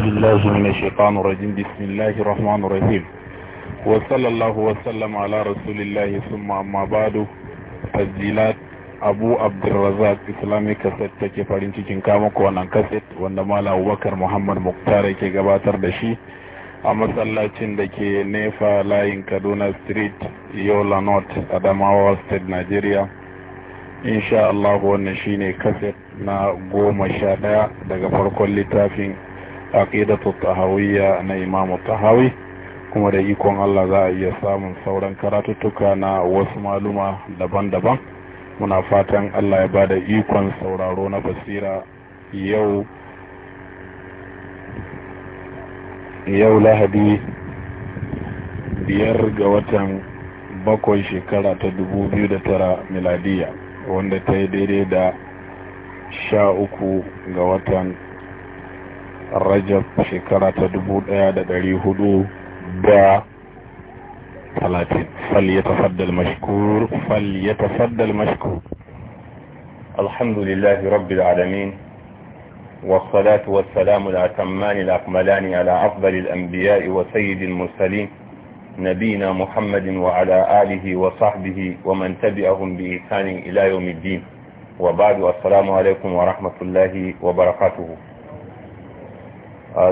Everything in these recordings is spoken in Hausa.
بالله من الشيطان الرجيم بسم الله الرحمن الرحيم وصلى الله وسلم على رسول الله ثم أما بعد تسجيلات abu abdulrazak islamic cassette take farin cikin muku wannan kaset wanda mala abubakar muhammad muktar ke gabatar da shi a masallacin da ke nefa layin kaduna street yola north adamawa state nigeria insha allahu wannan shine kaset na goma sha ɗaya daga farkon littafin aqidatu tahawiyya na imamu tahawi kuma da ikon Allah za a iya samun sauran karatuttuka na wasu maluma daban-daban muna fatan Allah ya bada ikon sauraro na basira yau yau lahadi biyar ga watan bakwai shekara ta da tara miladiya wanda ta yi daidai da sha uku ga watan rajab shekara ta dubu ɗaya هدو با ثلاثين da المشكور فليتفضل المشكور الحمد لله رب العالمين والصلاة والسلام الأتمان الأكملان على أفضل الأنبياء وسيد المرسلين نبينا محمد وعلى آله وصحبه ومن تبعهم بإحسان إلى يوم الدين وبعد السلام عليكم ورحمة الله وبركاته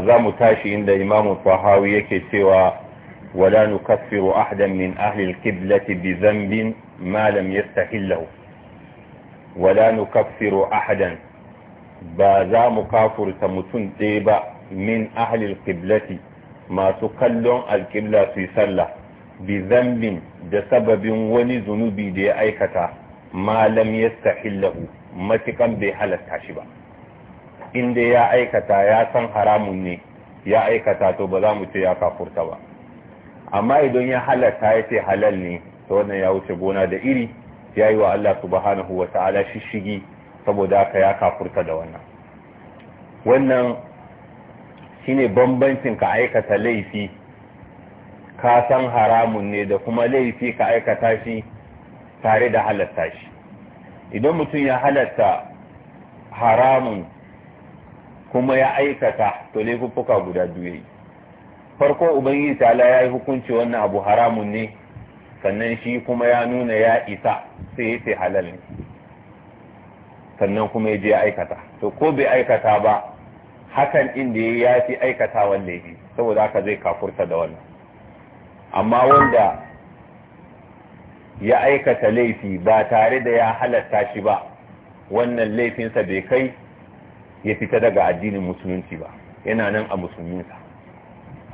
za mu tashi inda imamu tahawi yake cewa wala nukaffiru ahadan min ahli alqiblati bi dhanbin ma lam yastahillahu wala nukaffiru ahadan ba za mu kafurta mutum ɗaya ba min ahli alqiblati masu kallon alqibla su yi sallah bi dhanbin da sababin wani zunubi da ya aikata ma lam yastahillahu matikan bai halatta shi ba in dai ya aikata ya san haramun ne ya aikata to ba za mu ce ya kafurta ba amma idan ya halatta ya ce halal ne to wannan ya wuce gona da iri ya yi wa Allah subhanahu wa ta'ala shishigi saboda haka ya kafurta da wannan wannan shine bambancin ka aikata laifi ka san haramun ne da kuma laifi ka aikata shi tare da halatta shi idan mutum ya halatta haramun kuma ya aikata to laifuffuka guda biyu farko ubangiji ta ya yi hukunci wannan abu haramun ne sannan shi kuma ya nuna ya isa sai ya ce halal ne sannan kuma ya je aikata to ko bai aikata ba hakan inda ya ya fi aikata wanda ya saboda haka zai kafurta da wannan amma wanda ya aikata laifi ba tare da ya halatta shi ba wannan laifinsa bai kai ya fita daga addinin musulunci ba yana nan a musulminsa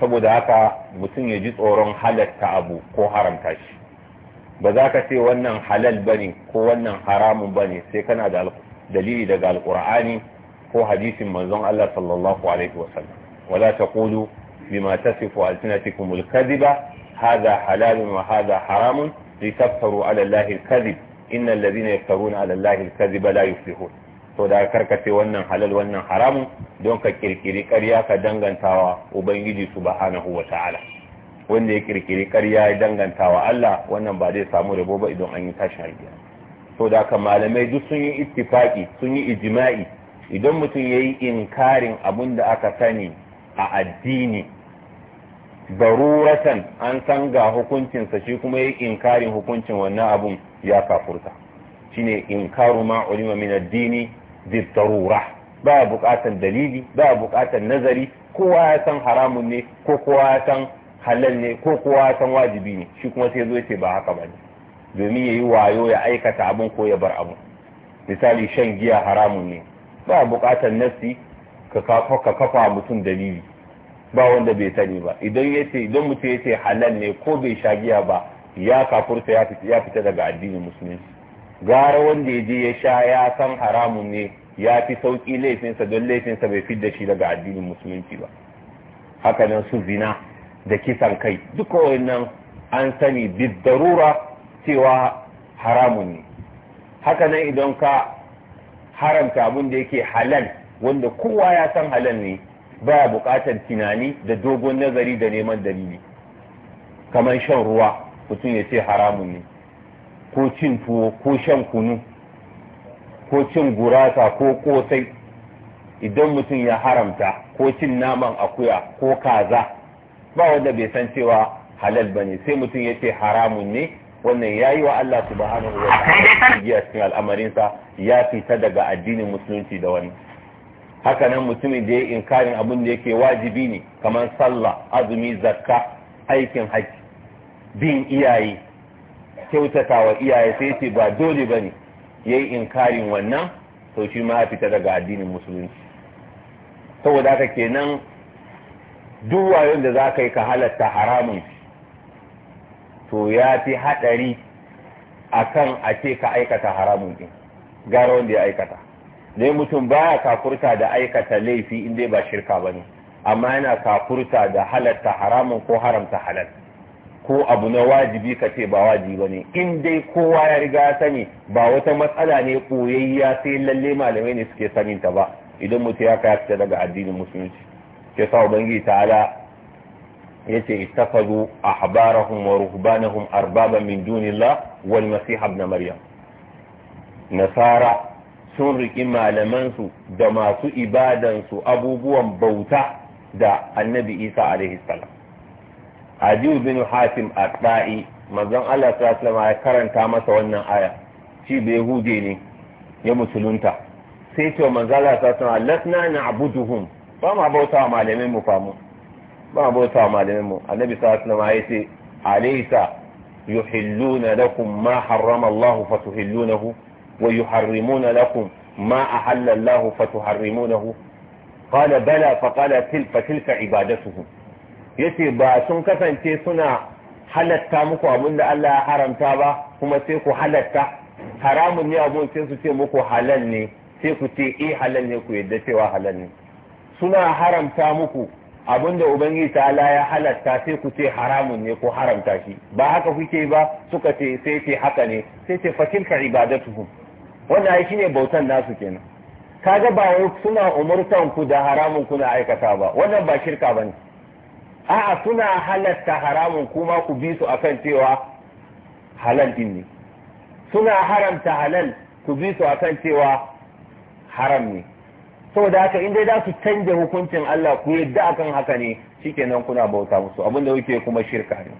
saboda haka mutum ya ji tsoron halatta abu ko haramta shi ba za ka ce wannan halal bane ko wannan haramun bane sai kana da dalili daga alkur'ani ko hadisin manzon Allah sallallahu alaihi wasallam wala taqulu bima tasifu alsinatukum alkadhiba hadha halalun wa hadha haramun litaftaru ala allahi alkadhib innal ladhina yaftaruna ala allahi alkadhiba la yuflihun to da karkace wannan halal wannan haramun don ka kirkiri karya ka dangantawa ubangiji subhanahu wa ta'ala wanda ya kirkiri karya ya dangantawa Allah wannan ba zai samu rabo ba idan an yi tashin alƙiyama sau da ka malamai duk sun yi ittifaƙi sun yi ijma'i idan mutum yayi inkarin abin da aka sani a addini daruratan an san ga hukuncinsa shi kuma ya inkarin hukuncin wannan abun ya kafurta shine inkaru ma ulima min addini bidarura ba buƙatar dalili ba buƙatar nazari kowa ya san haramun ne ko kowa ya san halal ne ko kowa ya san wajibi ne shi kuma sai zo ce ba haka ba ne domin ya yi wayo ya aikata abin ko ya bar abun misali shan giya haramun ne ba buƙatar nafsi ka kafa mutum dalili ba wanda bai sani ba idan ya ce idan mutum ya ce halal ne ko bai sha giya ba ya kafurta ya fita daga addinin musulunci gara wanda ya je ya sha ya san haramun ne ya fi sauƙi laifinsa don laifinsa bai fi da shi daga addinin musulunci ba haka nan su zina da kisan kai duk nan an sani bidarura cewa haramun ne haka nan idan ka haramta abin da yake halal wanda kowa ya san halal ne baya buƙatar tunani da dogon nazari da neman dalili kamar shan ruwa mutum ya ce haramun ne ko cin tuwo ko shan kunu ko cin gurasa ko kosai idan mutum ya haramta ko cin naman akuya ko kaza ba wanda bai san cewa halal ba ne sai mutum ya ce haramun ne wannan ya yi wa Allah hannun wa ta'ala cikin al'amarinsa ya fita daga addinin musulunci da wani haka nan mutumin da ya inkarin abin da yake wajibi ne kamar sallah azumi zakka aikin haji bin iyaye kyautata wa iyaye sai ce ba dole ba ne ya yi inkarin wannan to shi ma ya fita daga addinin musulunci saboda haka kenan duk wayon da za ka yi ka halatta haramun to ya fi haɗari a kan a ce ka aikata haramun ɗin gara wanda ya aikata dai mutum baya kakurta da aikata laifi in ba shirka ba ne amma yana kakurta da halatta haramun ko haramta halatta ko abu na wajibi ka ce ba wajibi ba ne in dai kowa ya riga sani ba wata matsala ne koyayya sai lalle malamai ne suke sanin ta ba idan mutum ya kaya ta daga addinin musulunci ke sa ubangiji ta'ala yace ittakhadhu ahbarahum wa ruhbanahum arbaba min dunillah wal masih ibn maryam nasara sun riƙi malamansu da masu ibadan su abubuwan bauta da annabi isa alaihi salam adiyu bin hatim at-ta'i manzon Allah sallallahu alaihi ya karanta masa wannan aya shi bai hude ne ya musulunta sai ce manzon Allah sallallahu alaihi lasna na'buduhum ba ma bauta malamin mu famu ba ma bauta malamin mu annabi sallallahu alaihi ya ce alaysa yuhilluna lakum ma harrama Allah fatuhillunahu wa yuharrimuna lakum ما أحل الله فتحرمونه قال بلى فقال تلك فتلك عبادتهم yace ba sun kasance suna halatta muku abin da Allah ya haramta ba kuma sai ku halatta haramun ne abun sai su ce muku halal ne sai ku ce eh halal ne ku yadda cewa halal ne suna haramta muku abin da ubangiji ta Allah ya halatta sai ku ce haramun ne ku haramta shi ba haka kuke ba suka ce sai ce haka ne sai ce fatilka ibadatuhum wannan ai shine bautan nasu kenan kaga ba suna umurtan ku da haramun kuna aikata ba wannan ba shirka bane a'a suna halatta haramun kuma ku bi su akan cewa halal din ne suna haramta halal ku bi su akan cewa haram ne saboda haka in dai za su canja hukuncin Allah ku yadda akan haka ne shikenan kuna bauta musu abinda kuke kuma shirka ne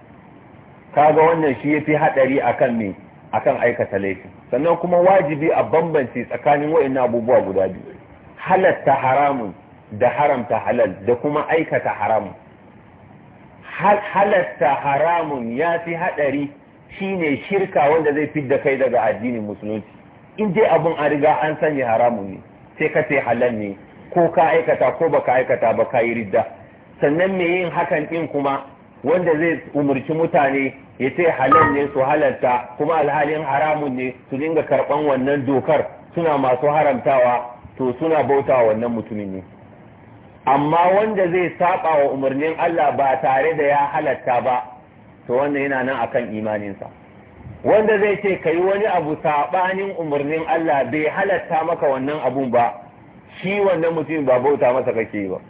kaga wannan shi yafi hadari akan me akan aikata laifi sannan kuma wajibi a bambance tsakanin wa'annan abubuwa guda biyu halatta haramun da haramta halal da kuma aikata haramun halatta haramun ya fi haɗari shine shirka wanda zai fidda kai daga addinin musulunci in dai abun an riga an sanya haramun ne sai ka sai halal ne ko ka aikata ko ba ka aikata ba ka yi ridda sannan me yin hakan din kuma wanda zai umurci mutane ya ce halal ne su halalta kuma alhalin haramun ne su dinga karɓan wannan dokar suna masu haramtawa to suna bauta wannan mutumin ne amma wanda zai saba wa umarnin Allah ba tare da ya halatta ba to wannan yana nan akan imaninsa wanda zai ce kai wani abu sabanin umarnin Allah bai halatta maka wannan abun ba shi wannan mutum ba bauta masa kake ba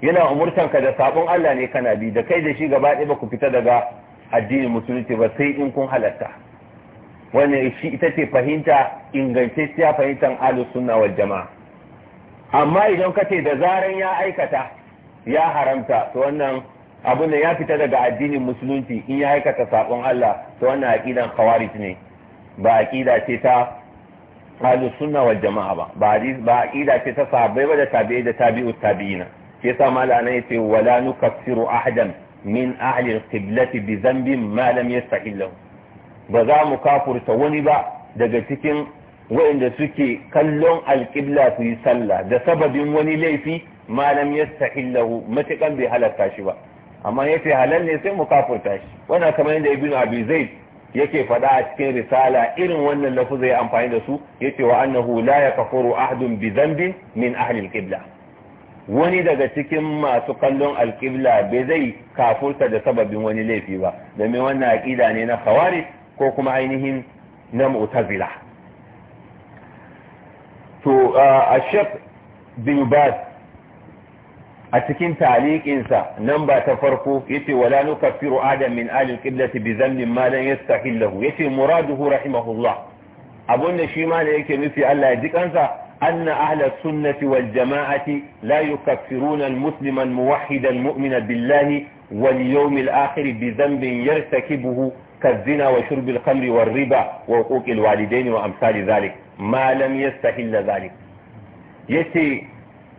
yana umurtan ka da sabon Allah ne kana bi da kai da shi gaba ɗaya ba ku fita daga addinin musulunci ba sai in kun halatta wannan shi ita ce fahimta ingantacciya fahimtar ahlus sunna wal jama'a amma idan ka ce da zaran ya aikata ya haramta to wannan abin da ya fita daga addinin musulunci in ya aikata saƙon Allah to wannan aqidan khawarij ne ba aqida ce ta ahlus sunna wal jama'a ba ba aqida ce ta sahabbai ba da tabi'i da tabi'u tabi'ina shi yasa malana yace wala nukaffiru ahadan min ahli al-qiblati bi dhanbin ma lam yastahillahu ba za mu kafurta wani ba daga cikin wa'inda suke kallon alƙibla su yi sallah da sababin wani laifi malam ya sahillahu matukan bai halarta shi ba amma ya ce halal ne sai mu kafurta shi wannan kamar yadda ibn abi zaid yake faɗa a cikin risala irin wannan lafuzai ya amfani da su ya ce wa annahu la kafuru ahadun bi dhanbin min ahli alqibla wani daga cikin masu kallon alqibla bai zai kafurta da sababin wani laifi ba domin wannan aqida ne na khawarij ko kuma ainihin na mu'tazila to a shek bin bas a cikin taliƙinsa nan ba ta farko ya wala wa lanu adam min alin ƙillati bi zannin malan ya stahil lahu ya ce muraduhu rahimahullah abun da shi ma da yake nufi Allah ya jikansa anna ahla sunnati wal jama'ati la yukaffiruna al muslima al muwahhid al mu'mina billahi wal yawm al akhir bi dhanbin yartakibuhu ka zina wa shurbil al khamri wal riba wa huquq al wa amsal dhalik malam ya sahilla zalik ya ce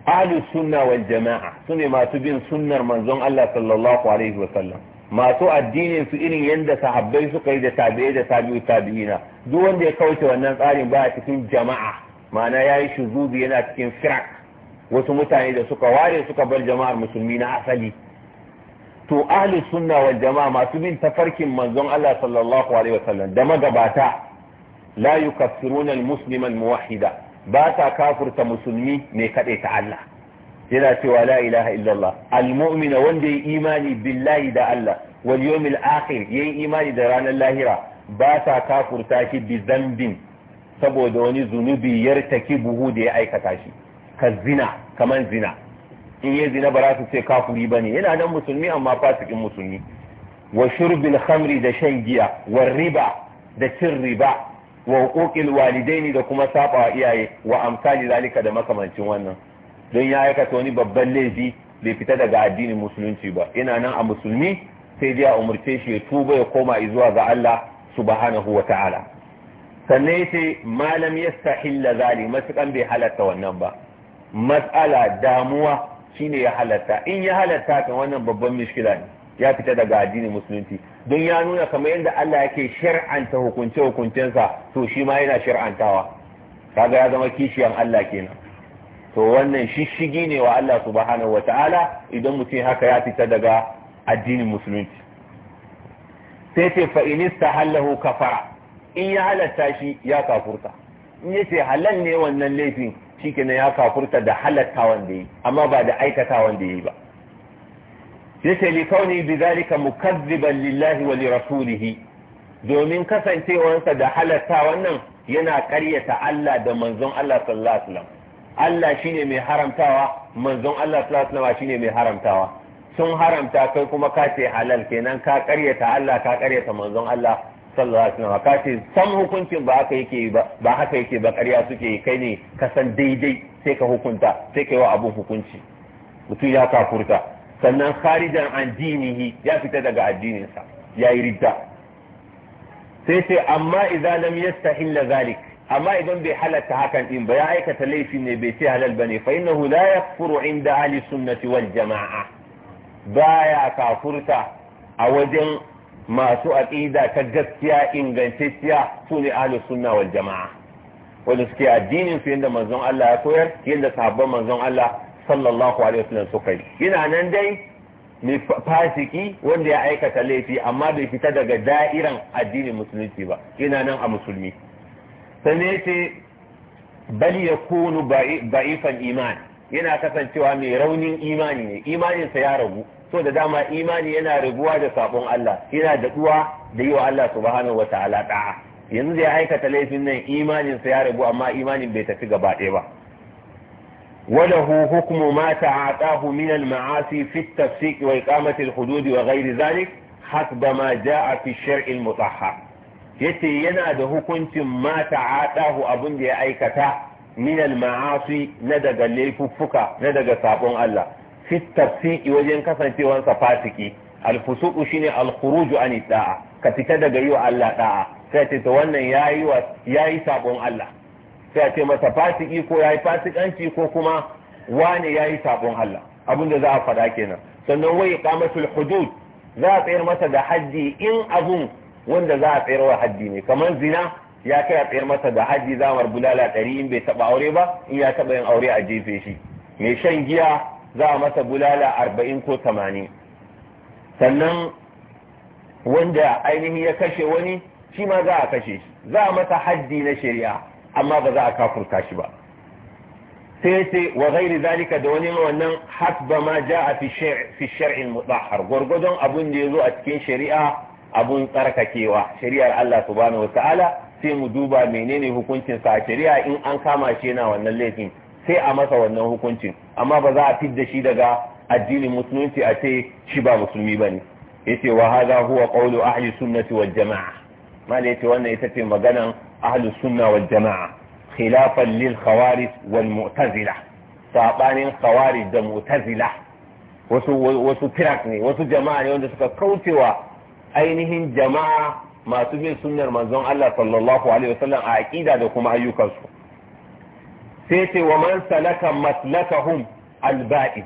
alu sunna wal jama'a su ne masu bin sunnar manzon Allah sallallahu alaihi wasallam masu addinin su irin yadda sahabbai suka yi da tabi'ai da tabi'u tabi'ina duk wanda ya kauce wannan tsarin ba a cikin jama'a ma'ana ya yi shuzubi yana cikin firak wasu mutane da suka ware suka bar jama'ar musulmi na asali to ahli sunna wal jama'a masu bin tafarkin manzon Allah sallallahu alaihi wasallam da magabata la yukaffiruna al-muslima al-muwahhida ba ta kafurta musulmi mai kade ta Allah yana cewa la ilaha illallah al-mu'mina wanda yayi imani billahi da Allah wal yawmil akhir yayi imani da ranar lahira ba ta kafurta shi bi zambin saboda wani zunubi yartaki buhu da ya aikata shi ka zina kaman zina in ya zina ba za su ce kafuri bane yana nan musulmi amma fasikin musulmi wa shurbil khamri da shan giya wa riba da cin riba wa walidai walidaini da kuma saba wa iyaye wa amsali zalika da makamancin wannan don ya aikata wani babban laifi bai fita daga addinin musulunci ba ina nan a musulmi sai dai a umurce shi ya tuba ya koma zuwa ga Allah subhanahu wa ta'ala sannan yace malam yastahilla zali masukan bai halatta wannan ba matsala damuwa shine ya halatta in ya halatta kan wannan babban mishkila ne ya fita daga addinin musulunci don ya nuna kamar yadda Allah yake shar'anta hukunce hukuncensa to shi ma yana shar'antawa kaga ya zama kishiyan Allah kenan to wannan shishigi ne wa Allah subhanahu wataala idan mutum haka ya fita daga addinin musulunci sai ce fa in istahallahu kafara in ya halatta shi ya kafurta in yace halal ne wannan laifin shikenan ya kafurta da halatta wanda yi amma ba da aikata wanda yi ba yake li kauni bidhalika mukazziban lillahi wa li rasulih domin kasancewarsa da halatta wannan yana ƙaryata Allah da manzon Allah sallallahu alaihi wasallam Allah shine mai haramtawa manzon Allah sallallahu alaihi wasallam shine mai haramtawa sun haramta kai kuma ka ce halal kenan ka ƙaryata Allah ka ƙaryata manzon Allah sallallahu alaihi wasallam ka ce san hukuncin ba haka yake ba ba haka yake ba ƙarya suke kai ne ka san daidai sai ka hukunta sai ka yi wa abun hukunci mutum ya kafurta sannan kharijan addinihi ya fita daga addininsa ya yi ridda sai sai amma idan lam yastahilla zalik amma idan bai halatta hakan din ba ya aikata laifi ne bai ce halal bane fa innahu la yakfuru inda ahli sunnati wal jamaa baya kafurta a wajen masu aqida ta gaskiya ingantacciya ne ahli sunna wal jamaa wanda suke addinin su yanda manzon Allah ya koyar yanda sahabban manzon Allah sallallahu alaihi wasallam suka yi yana nan dai mai fasiki wanda ya aikata laifi amma bai fita daga da'iran addinin musulunci ba yana nan a musulmi ne yace bal yakunu ba'ifan iman yana kasancewa mai raunin imani ne imaninsa ya ragu so da dama imani yana raguwa da sabon Allah yana da duwa da yi wa Allah subhanahu wataala da'a yanzu da ya aikata laifin nan imaninsa ya ragu amma imanin bai tafi gaba ɗaya ba وله حكم ما تعاطاه من المعاصي في التفسيق وإقامة الحدود وغير ذلك حسب ما جاء في الشرع المطهر yace yana da hukuncin mata atahu abin da ya aikata min al-ma'asi na daga laifuffuka na daga sabon Allah fi tafsiqi wajen kasancewar sa fasiki al shine al an da'a ka fita daga yi wa Allah da'a sai ta wannan yayi wa yayi sabon Allah sai a ce masa fasiki ko ya yi fasikanci ko kuma wane yayi sabon Allah abin da za a faɗa kenan sannan wai iqamatul hudud za a tsayar masa da haddi in abun wanda za a tsayar wa haddi ne kamar zina ya kai a tsayar masa da haddi zamar bulala ɗari in bai taɓa aure ba in ya taɓa yin aure a jefe shi mai shan giya za a masa bulala arba'in ko tamanin sannan wanda ainihin ya kashe wani shi ma za a kashe shi za a masa haddi na shari'a amma ba za a kafurta shi ba sai sai wa gairi zalika da wani wannan hasba ma a fi shar'il mutahhar gurgudun abun da zo a cikin shari'a abun tsarkakewa shari'ar Allah subhanahu ta'ala sai mu duba menene hukuncin sa shari'a in an kama shi yana wannan laifin sai a masa wannan hukuncin amma ba za a fidda shi daga addinin musulunci a ce shi ba musulmi ne yace wa hadha huwa qawlu ahli sunnati wal jamaa mal yace wannan ita ce maganan ahlus sunna wal jama'a khilafan lil khawarij wal mu'tazila Saɓanin khawarij da mu'tazila wasu wasu firak ne wasu jama'a ne wanda suka wa ainihin jama'a masu bin sunnar manzon Allah sallallahu alaihi wasallam a aƙida da kuma ayyukansu sai ce wa man salaka maslakahum alba'i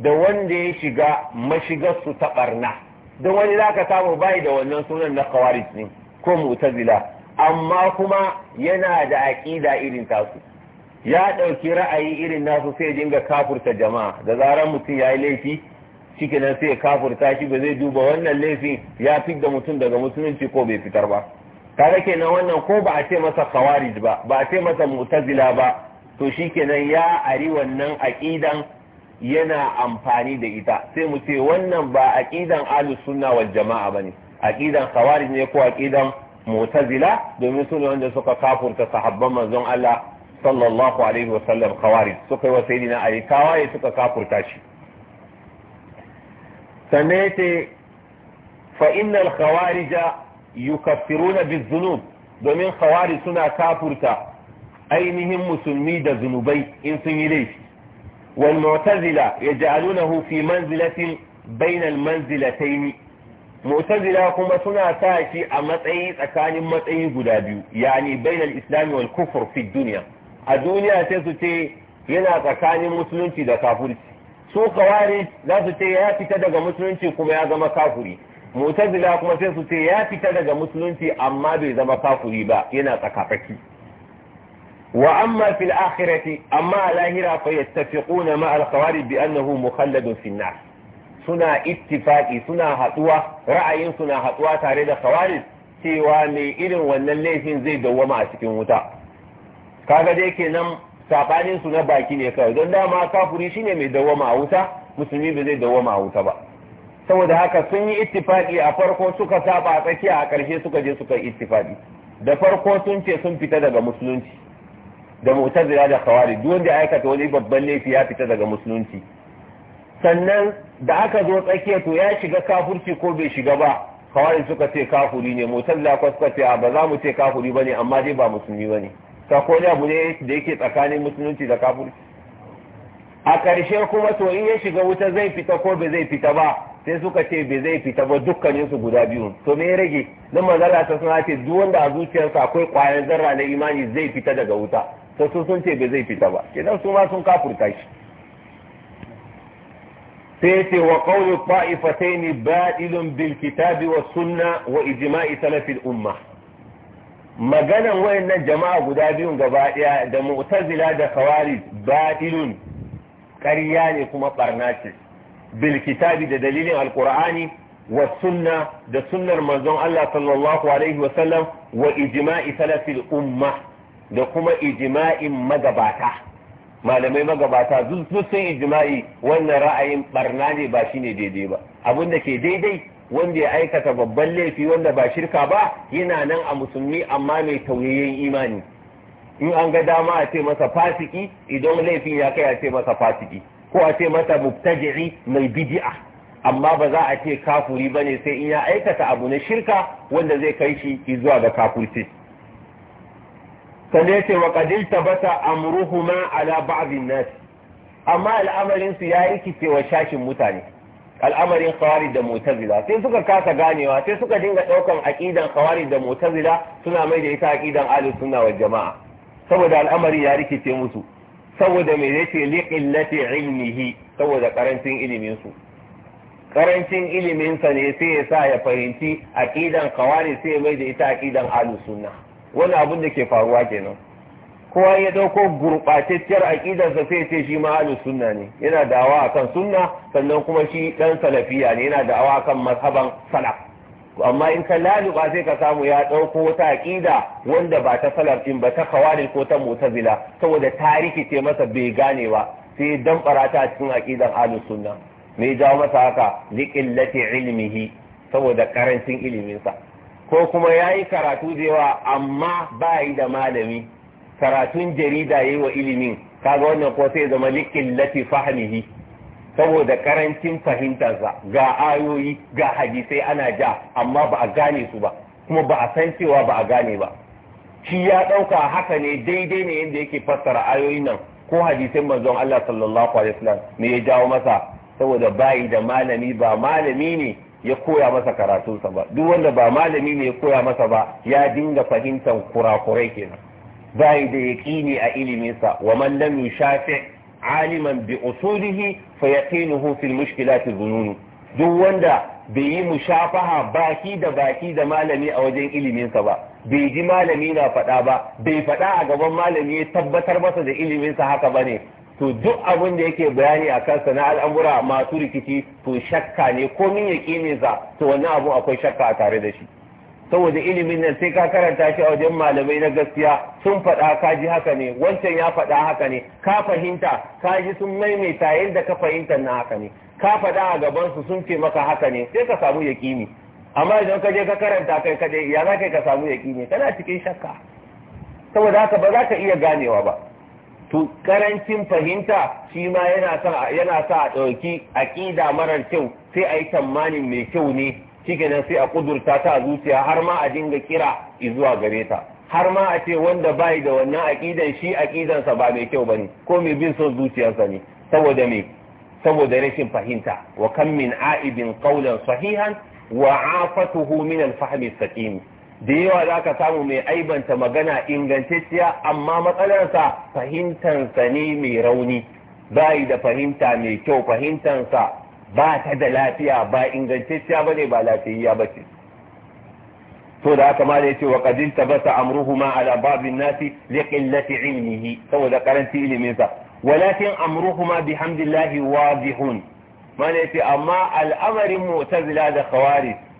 da wanda ya shiga mashigarsu ta barna don wani za ka samu bayi da wannan sunan na khawarij ne ko mu'tazila amma kuma yana da aƙida irin tasu ya ɗauki ra'ayi irin nasu sai dinga kafurta jama'a da zarar mutum ya yi laifi shike nan sai kafurta shi ba zai duba wannan laifin ya fi da mutum daga musulunci ko bai fitar ba kaga kenan wannan ko ba a ce masa khawarij ba ba a ce masa mu'tazila ba to shikenan ya ari wannan aqidan yana amfani da ita sai mu ce wannan ba aqidan ahlus sunna wal jama'a bane aqidan khawarij ne ko aqidan mu'tazila domin su ne wanda suka kafurta sahabban manzon Allah sallallahu alaihi wasallam khawarij suka yi wa sayyidina ali kawaye suka kafurta shi sannan yace fa innal khawarija yukaffiruna bizunub domin khawarij suna kafurta ainihin musulmi da zunubai in sun yi laifi wal mu'tazila yaj'alunahu fi manzilatin bainal manzilataini mu'tazila kuma suna sa shi a matsayi tsakanin matsayi guda biyu yani bainal islam wal kufr fi dunya a duniya sai su ce yana tsakanin musulunci da kafirci su kawari za su ce ya fita daga musulunci kuma ya zama kafiri mu'tazila kuma sai su ce ya fita daga musulunci amma bai zama kafiri ba yana tsakafaki wa amma fil akhirati amma lahira fa yattafiquna ma al khawarij bi annahu mukhalladun fi suna ittifaki suna haɗuwa ra'ayin suna haɗuwa tare da khawarij cewa mai irin wannan laifin zai dawwama a cikin wuta kaga dai kenan sabanin su na baki ne kawai don dama kafuri shine mai dawwama a wuta musulmi ba zai dawwama a wuta ba saboda haka sun yi ittifaki a farko suka saba tsakiya a ƙarshe suka je suka yi ittifaki da farko sun ce sun fita daga musulunci da mu'tazila da khawarij duk wanda aikata wani babban laifi ya fita daga musulunci sannan da aka zo tsakiya to ya shiga kafurci ko bai shiga ba kawai suka ce kafuri ne motar ko suka ce ba za mu ce kafuri ba ne amma dai ba musulmi ba ne sako abu ne da yake tsakanin musulunci da kafurci a ƙarshe kuma to in ya shiga wuta zai fita ko bai zai fita ba sai suka ce bai zai fita ba dukkanin su guda biyu to me ya rage nan manzara ta suna ce duk wanda a zuciyarsa akwai ƙwayar zarra na imani zai fita daga wuta to sun ce bai zai fita ba kenan su ma sun kafurta shi sai ce wa qawlu ta'ifataini ba'ilun bil bilkitabi wa suna wa ijma'i salafil umma maganan wayannan jama'a guda biyun gaba ɗaya da mu'tazila da khawarij ba'ilun karya ne kuma barna ce bil kitabi da dalilin alƙur'ani was da sunnar manzon Allah sallallahu alaihi wa sallam wa ijma'i salafil umma da kuma ijima'in magabata malamai magabata duk sun ijma'i wannan ra'ayin barna ne ba shine daidai ba Abun da ke daidai wanda ya aikata babban laifi wanda ba shirka ba yana nan a musulmi amma mai tauyayyen imani in an ga dama a ce masa fasiki idan laifin ya kai a ce masa fasiki ko a ce masa mubtaji'i mai bid'a amma ba za a ce kafuri bane sai in ya aikata abu na shirka wanda zai kai shi zuwa ga kafurci sannan yace wa qadil tabata amruhuma ala ba'd an amma al'amarin su ya rikice wa shashin mutane al'amarin khawari da mu'tazila sai suka kasa ganewa sai suka dinga daukan aqidan khawari da mu'tazila suna mai da ita aqidan ahlus sunna wal jama'a saboda al'amari ya rikice musu saboda mai yace li illati ilmihi saboda karancin ilimin su karancin ilimin sa ne sai ya sa ya fahimci aqidan khawari sai mai da ita aqidan ahlus sunna wani abun da ke faruwa kenan kowa ya dauko gurbatacciyar aqidarsa sai ce shi ma ahlus sunna ne yana da'awa akan sunna sannan kuma shi ɗan salafiya ne yana da'awa akan mazhaban salaf amma in ka laluba sai ka samu ya dauko wata aƙida wanda ba ta salaf din ba ta kawari ko ta mu'tazila saboda tarihi ce masa bai gane ba sai ya damfara ta cikin aƙidar ahlus sunna me ya jawo masa haka liqillati ilmihi saboda karancin iliminsa ko kuma ya yi karatu da yawa amma ba yi da malami karatun jarida ya yi wa ilimin kaga wannan ko sai zama likin lati fahimihi saboda karancin fahimtarsa ga ayoyi ga hadisai ana ja amma ba a gane su ba kuma ba a san cewa ba a gane ba shi ya ɗauka haka ne daidai ne yadda yake fassara ayoyin nan ko hadisin manzon Allah sallallahu alaihi wasallam ne ya jawo masa saboda bayi da malami ba malami ne ya koya masa karatunsa ba duk wanda ba malami ne ya koya masa ba ya dinga fahimtar kurakurai kenan bai da yaqini a iliminsa wa man lam yushafi aliman bi usulihi fa yaqinuhu fil mushkilati dhunun duk wanda bai yi mushafaha baki da baki da malami a wajen iliminsa ba bai ji malami na faɗa ba bai faɗa a gaban malami ya tabbatar masa da iliminsa haka ba ne to duk abin da yake bayani a kansa na al'amura masu rikici to shakka ne ko min ya ƙi za to wani abu akwai shakka a tare da shi saboda ilimin nan sai ka karanta shi a wajen malamai na gaskiya sun faɗa ka ji haka ne wancan ya faɗa haka ne ka fahimta ka ji sun maimaita yadda ka fahimta na haka ne ka faɗa a gaban su sun ce maka haka ne sai ka samu yaƙini amma idan ka je ka karanta kai kaɗai ya za ka samu yaƙini kana cikin shakka saboda haka ba za ka iya ganewa ba to karancin fahimta shi ma yana sa a ɗauki aƙida marar kyau sai a yi tsammanin mai kyau ne na sai a kudurta ta zuciya har ma a dinga kira izuwa gare ta har ma a ce wanda bai da wannan aƙidan shi aƙidansa ba mai kyau bane ko mai bin son zuciyarsa ne saboda me saboda rashin fahimta wa kan min a'ibin qawlan sahihan wa afatuhu min al-fahmi saqim da yawa za ka samu mai aibanta magana ingantacciya amma matsalarsa fahimtansa ne mai rauni yi da fahimta mai kyau fahimtansa ba ta da lafiya ba ingantacciya ba ne ba lafiyayya ba ce to da aka ma da yace wa ta tabata amruhu ma ala babin nasi li qillati ilmihi saboda karanci ilimin sa walakin amruhu ma bihamdillahi wadihun ma ce amma al'amarin mu'tazila da khawarij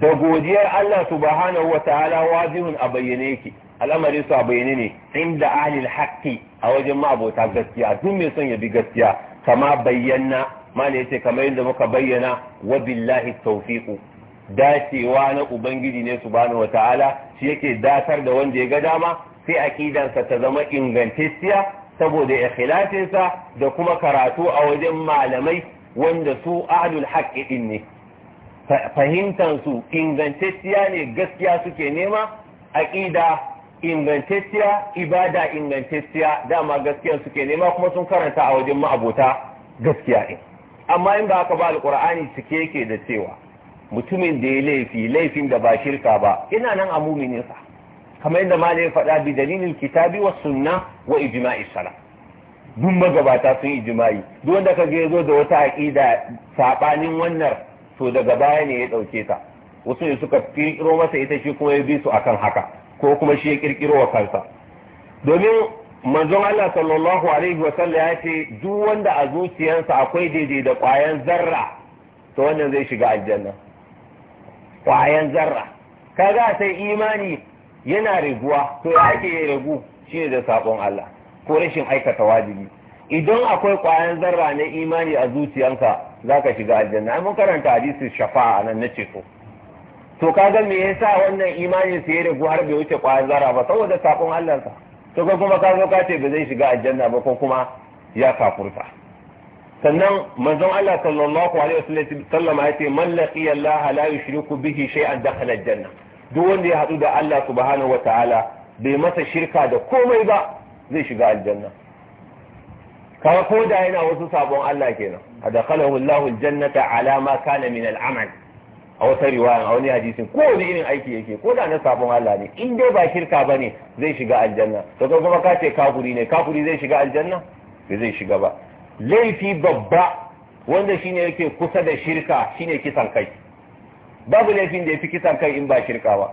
da godiyar Allah subhanahu wa ta'ala wajihun a bayyane yake Al'amari su a bayyane ne inda ahlil haqqi a wajen ma'abota gaskiya duk mai son ya bi gaskiya kama bayyana mana yace kamar yadda muka bayyana wa billahi tawfiqu dacewa na ubangiji ne subhanahu wa ta'ala shi yake datar da wanda ya ga dama sai sa ta zama ingantacciya saboda ikhlasinsa da kuma karatu a wajen malamai wanda su ahlul haqqi din ne fahimtansu ingantacciya ne gaskiya suke nema aƙida ingantacciya ibada ingantacciya dama gaskiya suke nema kuma sun karanta a wajen ma'abota gaskiya ne. amma in ba haka ba alƙur'ani cike yake da cewa mutumin da ya laifi laifin da ba shirka ba ina nan a mumininsa kamar yadda malai faɗa bi dalilin kitabi wa sunna wa ijma'i sala duk magabata sun ijma'i duk wanda ka ya zo da wata aƙida saɓanin wannan to daga baya ne ya ɗauke ta wasu ne suka ƙirƙiro masa ita shi kuma ya bi su akan haka ko kuma shi ya kirkiro wa kansa domin manzon Allah sallallahu alaihi wa sallam ya ce duk wanda a zuciyarsa akwai daidai da ƙwayan zarra to wannan zai shiga aljanna ƙwayan zarra kaga sai imani yana riguwa to ya ake ya rigu shine da sabon Allah ko rashin aikata wajibi idan akwai ƙwayan zarra na imani a zuciyarka za ka shiga aljanna An mun karanta hadisi shafa'a nan na ceto to ka kaga me yasa wannan imani sai ya ragu har bai wuce kwayar zara ba saboda sakon Allah sa to ko kuma ka zo ka ce ba zai shiga aljanna ba ko kuma ya kafurta sannan manzon Allah sallallahu alaihi wasallam ya ce man laqiya Allah la yushriku bihi shay'an dakhala aljanna duk wanda ya hadu da Allah subhanahu wataala bai masa shirka da komai ba zai shiga aljanna kaga ko da yana wasu sabon Allah kenan adakalahu Allahu aljannata ala ma kana min a wata riwaya a wani hadisin ko wani irin aiki yake ko da na sabon Allah ne in dai ba shirka bane zai shiga aljanna to ko kuma ka ce kafuri ne kafuri zai shiga aljanna ba zai shiga ba laifi babba wanda shine yake kusa da shirka shine kisan kai babu laifin da fi kisan kai in ba shirka ba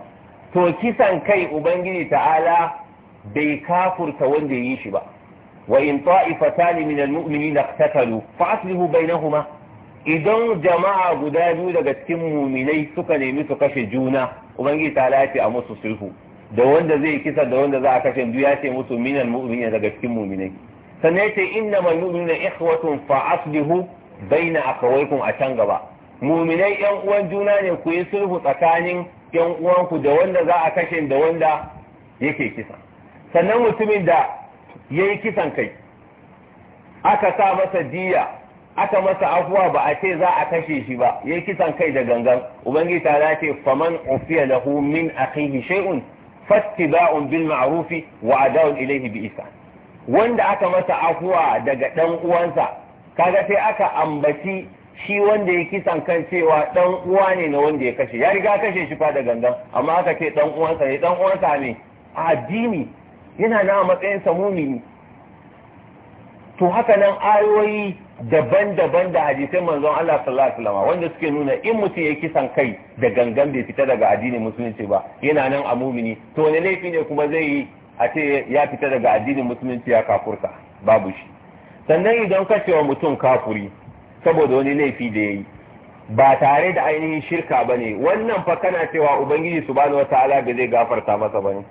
to kisan kai ubangiji ta'ala bai kafurta wanda yi shi ba وإن طائفتان من المؤمنين اقتتلوا فأصلحوا بينهما idan jama'a guda biyu daga cikin muminai suka nemi su kashe juna ubangiji ta lafi a musu sulhu da wanda zai kisa da wanda za a kashe biyu ya ce musu minal mu'minin daga cikin muminai sannan yace inna man yu'minu ikhwatun fa aslihu baina akawaykum a can gaba muminai yan uwan juna ne ku yi sulhu tsakanin yan uwanku da wanda za a kashe da wanda yake kisa sannan mutumin da ya yi kisan kai aka sa masa diya aka masa afuwa ba a ce za a kashe shi ba ya yi kisan kai da gangan ubangiji ta ce faman ofiya da hu min a akhihi shay'un ba'un bil ma'arufi wa ada'un ilaihi bi isa wanda aka masa afuwa daga ɗan uwansa kaga sai aka ambaci shi wanda ya kisan kan cewa ɗan uwa ne na wanda ya kashe ya riga kashe shi fa da gangan amma aka ce dan uwansa ne Ɗan uwansa ne addini yana na matsayin sa to haka nan ayoyi daban-daban da hadisai manzon Allah sallallahu alaihi wasallam wanda suke nuna in mutum ya kisan kai da gangan bai fita daga addinin musulunci ba yana nan a mumini to wani laifi ne kuma zai yi a ce ya fita daga addinin musulunci ya kafurta babu shi sannan idan ka ce mutum kafuri saboda wani laifi da ya yi ba tare da ainihin shirka ba ne wannan fa kana cewa ubangiji subhanahu wataala ba zai gafarta masa ba ne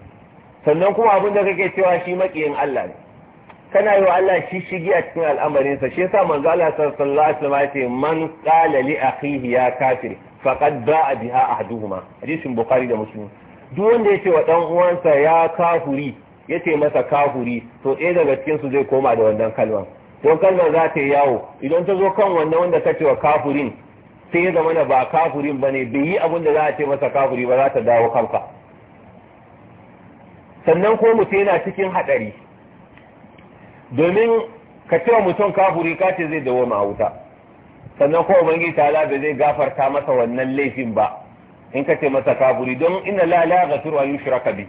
sannan kuma abin da kake cewa shi makiyin Allah ne kana yi wa Allah shi shigi a cikin al'amarinsa shi yasa manzo Allah sallallahu alaihi wasallam ya man qala li akhihi ya kafir faqad ba'a biha ahduhuma hadisin bukhari da muslim duk wanda yace wa dan uwansa ya kafuri yace masa kafuri to ɗaya daga cikin su zai koma da wannan kalman to kalmar za ta yawo idan ta zo kan wannan wanda kace wa kafurin sai ya zama ba kafurin bane bai yi abin da za a ce masa kafuri ba za ta dawo kanka sannan ko mutum yana cikin haɗari domin ka cewa mutum kafuri ka ce zai dawo ma wuta sannan ko ubangiji ta ala bai zai gafarta masa wannan laifin ba in ka ce masa kafuri don ina la la ghafir wa yushraka bi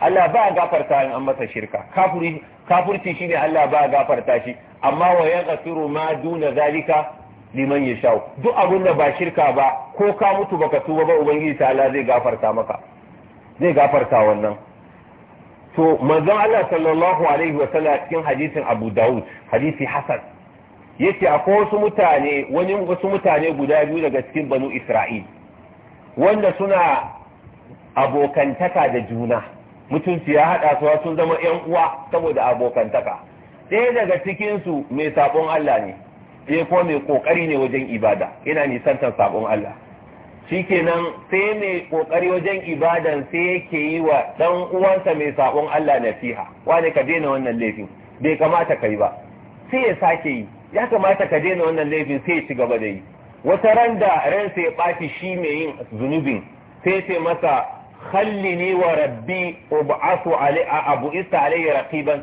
Allah ba gafarta in an masa shirka kafuri kafurci shine Allah ba gafarta shi amma wa ya yaghfiru ma duna zalika liman yasha duk abun da ba shirka ba ko ka mutu baka tuba ba ubangiji ta ala zai gafarta maka zai gafarta wannan to manzon Allah sallallahu alaihi wa sallam cikin hadisin Abu Dawud hadisi Hasan yace akwai wasu mutane wani wasu mutane guda biyu daga cikin Banu Isra'il wanda suna abokantaka da juna mutunci ya hada su sun zama yan uwa saboda abokantaka ɗaya daga cikin su mai sabon Allah ne ɗaya kuma mai kokari ne wajen ibada yana nisantar sabon Allah shi shikenan sai mai kokari wajen ibadan sai yake yi wa ɗan uwansa mai sabon Allah na nasiha wani ka daina wannan laifin bai kamata kai ba sai ya sake yi ya kamata ka daina wannan laifin sai ya ci gaba da yi wata ran da ran sai ya ɓaci shi mai yin zunubin sai sai masa ne wa rabbi ub'asu alai abu isa alayhi raqiban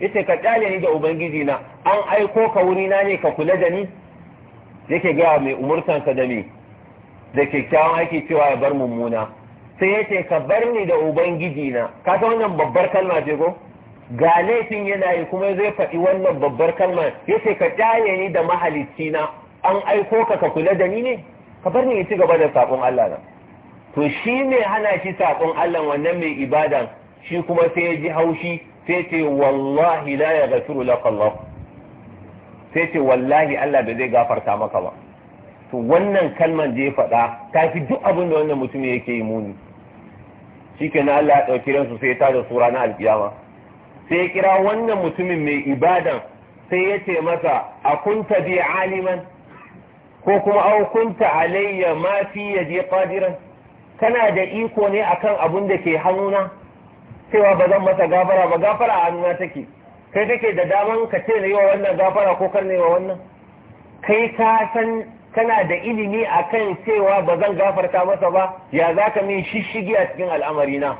yace ka kyale ni da ubangiji na an aiko ka wuri na ne ka kula da ni yake ga mai umurtansa da me da kyakkyawan aiki cewa ya bar mummuna sai ya ce ka bar ni da ubangiji na ka ta wannan babbar kalma ce ko ga laifin yana yi kuma zai faɗi wannan babbar kalma ya ce ka ƙyale ni da mahalicci na an aiko ka ka kula da ni ne ka bar ni ya ci gaba da saƙon Allah na to shi ne hana shi saƙon Allah wannan mai ibadan shi kuma sai ya ji haushi sai ce wallahi la ya gafiru laka Allah sai ce wallahi Allah bai zai gafarta maka ba to wannan kalman je faɗa ta fi duk abin da wannan mutum yake yi muni shi ke na Allah ya ɗauki ransu sai ta da su na alƙiyama sai ya kira wannan mutumin mai ibadan sai ya ce masa a kunta bi aliman ko kuma au kunta alayya ma fi yaji qadiran kana da iko ne akan abin da ke hannuna cewa ba zan masa gafara ba gafara a hannuna take kai take da daman ka ce na yi wa wannan gafara ko kar na wa wannan kai ka san kana da ilimi a kan cewa ba zan gafarta masa ba ya za ka min shishigi a cikin al'amarina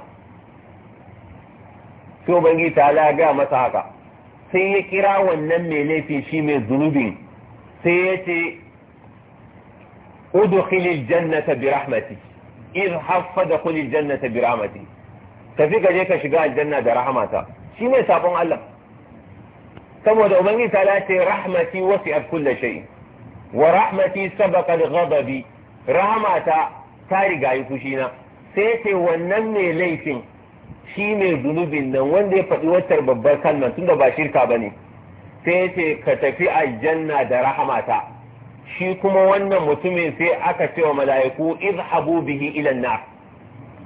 so bangi ta ga masa haka sai ya kira wannan mai laifin shi mai zunubin sai ya ce Udu udkhilil jannata bi rahmati izhaffa dakhulil jannata bi rahmati tafi ka je ka shiga aljanna da rahmata shine sabon Allah saboda ubangiji ta ce rahmati wasi'at kulli shay'in wa rahmati sabaqa ghadabi rahmata ta riga yi na. sai ce wannan mai laifin shi mai zunubin nan wanda ya faɗi wata babbar kalmar tunda ba shirka bane sai ce ka tafi aljanna da rahmata shi kuma wannan mutumin sai aka ce wa mala'iku izhabu bihi ila nar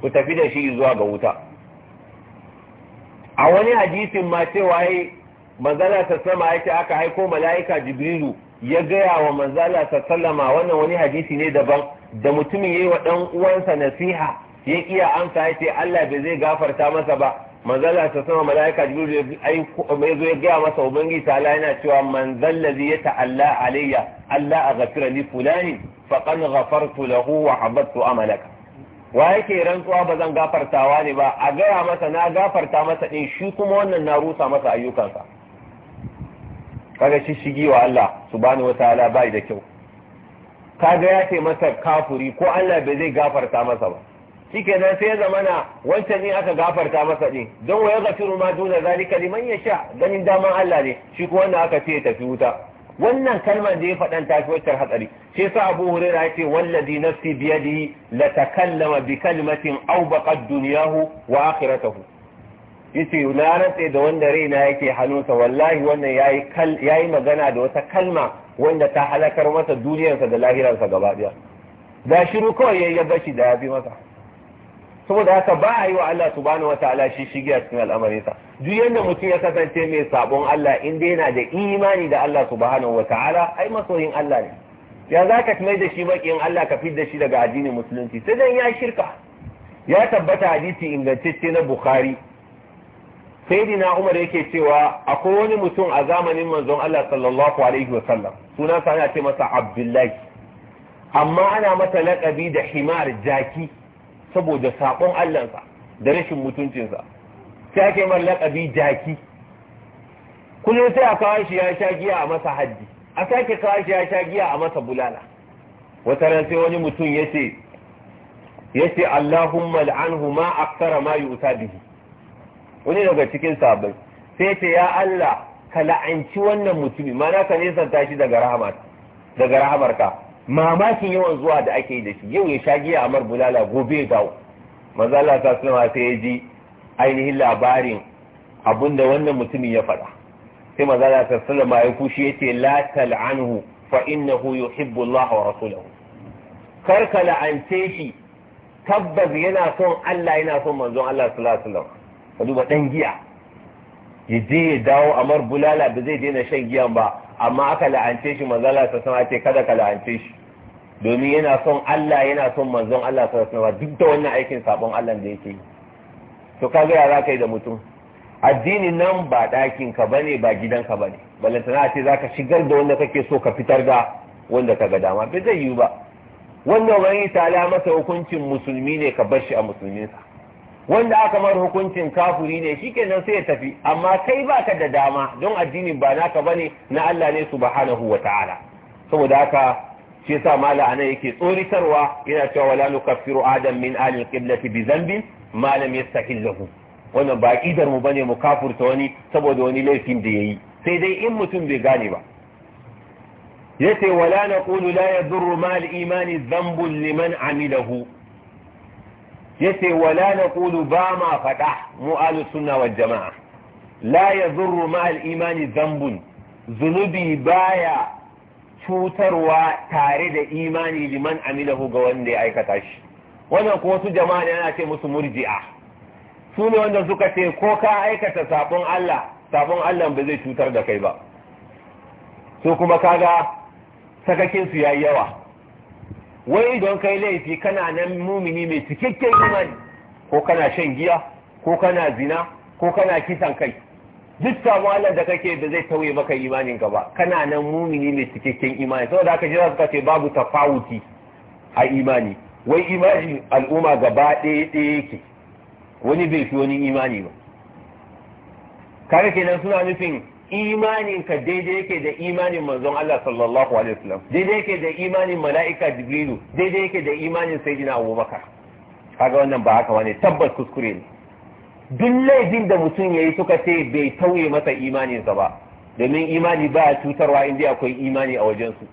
ku tafi da shi zuwa ga wuta a wani hadisin ma cewa yi manzala ta sama yake aka haiko mala'ika jibrilu ya gaya wa manzala ta sallama wannan wani hadisi ne daban da mutumin yi wa dan uwansa nasiha ya iya amsa ya ce Allah bai zai gafarta masa ba manzala ta sama malaika jibril mai zo ya gaya masa ubangi ta Allah yana cewa manzala zallazi ya ta'alla alayya Allah a gafira li fulani faqad ghafartu lahu wa habattu amalaka wa yake rantsuwa ba zan gafartawa ne ba a gaya masa na gafarta masa din shi kuma wannan na rusa masa ayyukansa kaga shigi wa Allah subhanahu wataala bai da kyau kaga ya ce masa kafuri ko Allah bai zai gafarta masa ba shikenan sai ya zamana wancan ne aka gafarta masa din don wa yaghfiru ma duna zalika liman yasha ganin daman Allah ne shi ko wanda aka ce tafi wuta wannan kalmar da ya faɗan ta fi wacce hatsari Sai sa Abu Hurairah ya ce wallazi nafsi biyadihi la takallama bi kalimatin aw baqad dunyahu wa akhiratahu yace na rantse da wanda raina yake hannunsa wallahi wannan yayi kal magana da wata kalma wanda ta halakar masa duniyarsa da lahirarsa gaba daya da shiru kawai yayi ya bashi da yafi masa saboda haka ba a yi wa Allah subhanahu wataala shi shige a cikin al'amarin sa duk yanda mutum ya kasance mai sabon Allah in dai yana da imani da Allah subhanahu wataala ai masoyin Allah ne ya zaka mai da shi bakin Allah ka da shi daga addinin musulunci sai dan ya shirka ya tabbata hadisi ingantacce na Bukhari sayyidina umar yake cewa akwai wani mutum a zamanin manzon Allah sallallahu alaihi wa sallam sa ana ce masa abdullahi amma ana mata laƙabi da himar jaki saboda saƙon Allahnsa da rashin mutuncinsa sai ake mar laƙabi jaki kullum sai a kawo shi ya sha giya a masa haddi a sake kawo shi ya sha giya a masa bulala wata ran sai wani mutum ya ce Allahumma al'anhu ma aksara ma yu'ta bihi wani daga cikin sabai sai ce ya Allah ka la'anci wannan mutumi mana ka nesanta shi daga rahamar daga rahamarka mamakin yawan zuwa da ake yi da shi yau ya sha giya amar bulala gobe ga manzo Allah ta sallama sai ya ji ainihin labarin abinda wannan mutumin ya faɗa sai manzo Allah ta sallama ya kushi ce la tal'anhu fa innahu yuhibbu Allah wa rasuluhu kar ka la'ance shi tabbas yana son Allah yana son manzon Allah sallallahu alaihi wasallam ka duba ɗan giya ya je ya dawo a mar bulala ba zai daina shan giyan ba amma aka la'ance shi manzala ta sama ce kada ka la'ance shi domin yana son Allah yana son manzon Allah ta sama duk da wannan aikin sabon Allah da yake yi to ka gaya za ka yi da mutum addini nan ba ɗakin ka bane ba gidan ka bane balantana ce za ka shigar da wanda kake so ka fitar da wanda ka ga dama bai zai yiwu ba wannan wani ta masa hukuncin musulmi ne ka bar shi a musulminsa wanda aka mar hukuncin kafuri ne shikenan sai ya tafi amma kai baka da dama don addinin ba naka bane na Allah ne subhanahu wataala saboda haka shi yasa mala yake tsoritarwa yana cewa wala nukaffiru adam min alil qiblati bi dhanbin ma lam yastahillahu wannan ba kidar mu bane mu kafurta wani saboda wani laifin da yayi sai dai in mutum bai gane ba yace wala naqulu la yadurru ma al imani dhanbun liman amilahu yace wala naqulu ba ma faɗa mu ahlus sunna wal jamaa la yadhurru ma al imani dhanbun zunubi baya cutarwa tare da imani liman amilahu ga wanda ya aikata shi wannan ko su jama'a ne ana ce musu murji'a su ne wanda suka ce ko ka aikata sabon Allah sabon Allah ba zai cutar da kai ba su kuma kaga sakakin su yayi yawa wai don kai laifi kana nan mumini mai cikakken imani ko kana shan giya ko kana zina ko kana kisan kai duk samu Allah da kake da zai tauye maka imanin gaba kana nan mumini mai cikakken imani saboda haka jira suka ce babu tafawuti a imani wai imani al'umma gaba ɗaya ɗaya yake wani bai fi wani imani ba kare kenan suna nufin imaninka daidai yake da imanin manzon Allah sallallahu alaihi wasallam daidai yake da imanin mala'ika jibrilu daidai yake da imanin sayyidina abubakar kaga wannan ba haka wani tabbas kuskure ne duk laifin da mutum yayi suka ce bai tauye masa imaninsa ba domin imani ba ya cutarwa in dai akwai imani a wajen su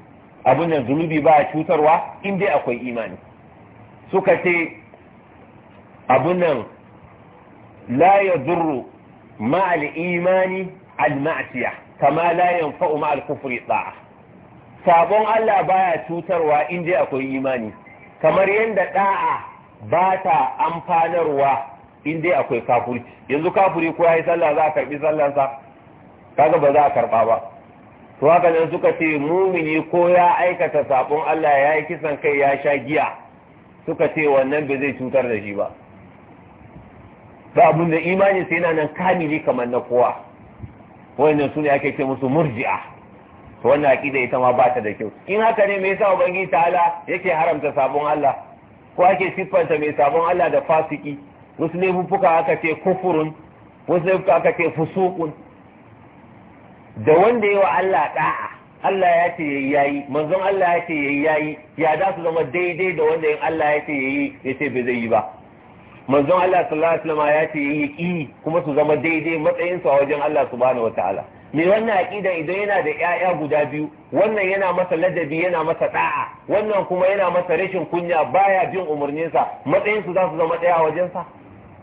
abin nan zunubi ba ya cutarwa in dai akwai imani suka ce abun nan la yadurru ma al imani al-ma'siya kama la yanfa'u ma al-kufri ta'a sabon Allah baya cutarwa in dai akwai imani kamar yanda da'a ba ta amfanarwa in dai akwai kafurci yanzu kafuri ko yayi sallah za a karbi sallansa kaga ba za a karba ba to haka nan suka ce mumini ko ya aikata sabon Allah ya yi kisan kai ya sha giya suka ce wannan bai zai cutar da shi ba ba abin da imani sai yana nan kamili kamar na kowa wannan su ne ake ce musu murji'a wannan aqida ita ma ba ta da kyau in haka ne me yasa ta ta'ala yake haramta sabon Allah ko ake siffanta me sabon Allah da fasiki wasu laifuffuka aka ce kufurun wasu laifuka aka ce fusuqun da wanda yawa wa Allah da'a Allah ya ce yayi yayi manzon Allah ya ce yayi yayi ya da su zama daidai da wanda in Allah ya ce yayi ya bai zai yi ba manzon Allah sallallahu alaihi wasallam ya ce yi kuma su zama daidai matsayin su a wajen Allah subhanahu wataala me wannan aqida idan yana da ƴaƴa guda biyu wannan yana masa ladabi yana masa da'a wannan kuma yana masa rashin kunya baya bin umarninsa matsayin su za su zama ɗaya a wajen sa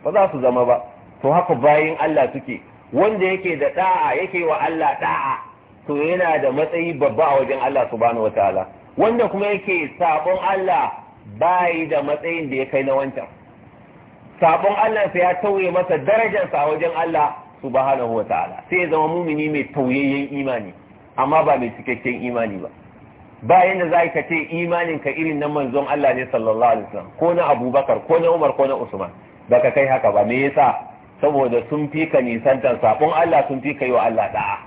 ba za su zama ba to haka bayin Allah suke wanda yake da da'a yake wa Allah da'a to yana da matsayi babba a wajen Allah subhanahu wataala wanda kuma yake sabon Allah bayi da matsayin da ya kai na wancan sabon Allah sai ya tauye masa darajarsa a wajen Allah subhanahu wa ta'ala sai ya zama mumini mai tauyayyen imani amma ba mai cikakken imani ba bayan da zai ka imanin ka irin na manzon Allah ne sallallahu alaihi wasallam ko na Abubakar ko na Umar ko na Usman baka kai haka ba me yasa saboda sun fi ka nisantar sabon Allah sun fi ka yi wa Allah da'a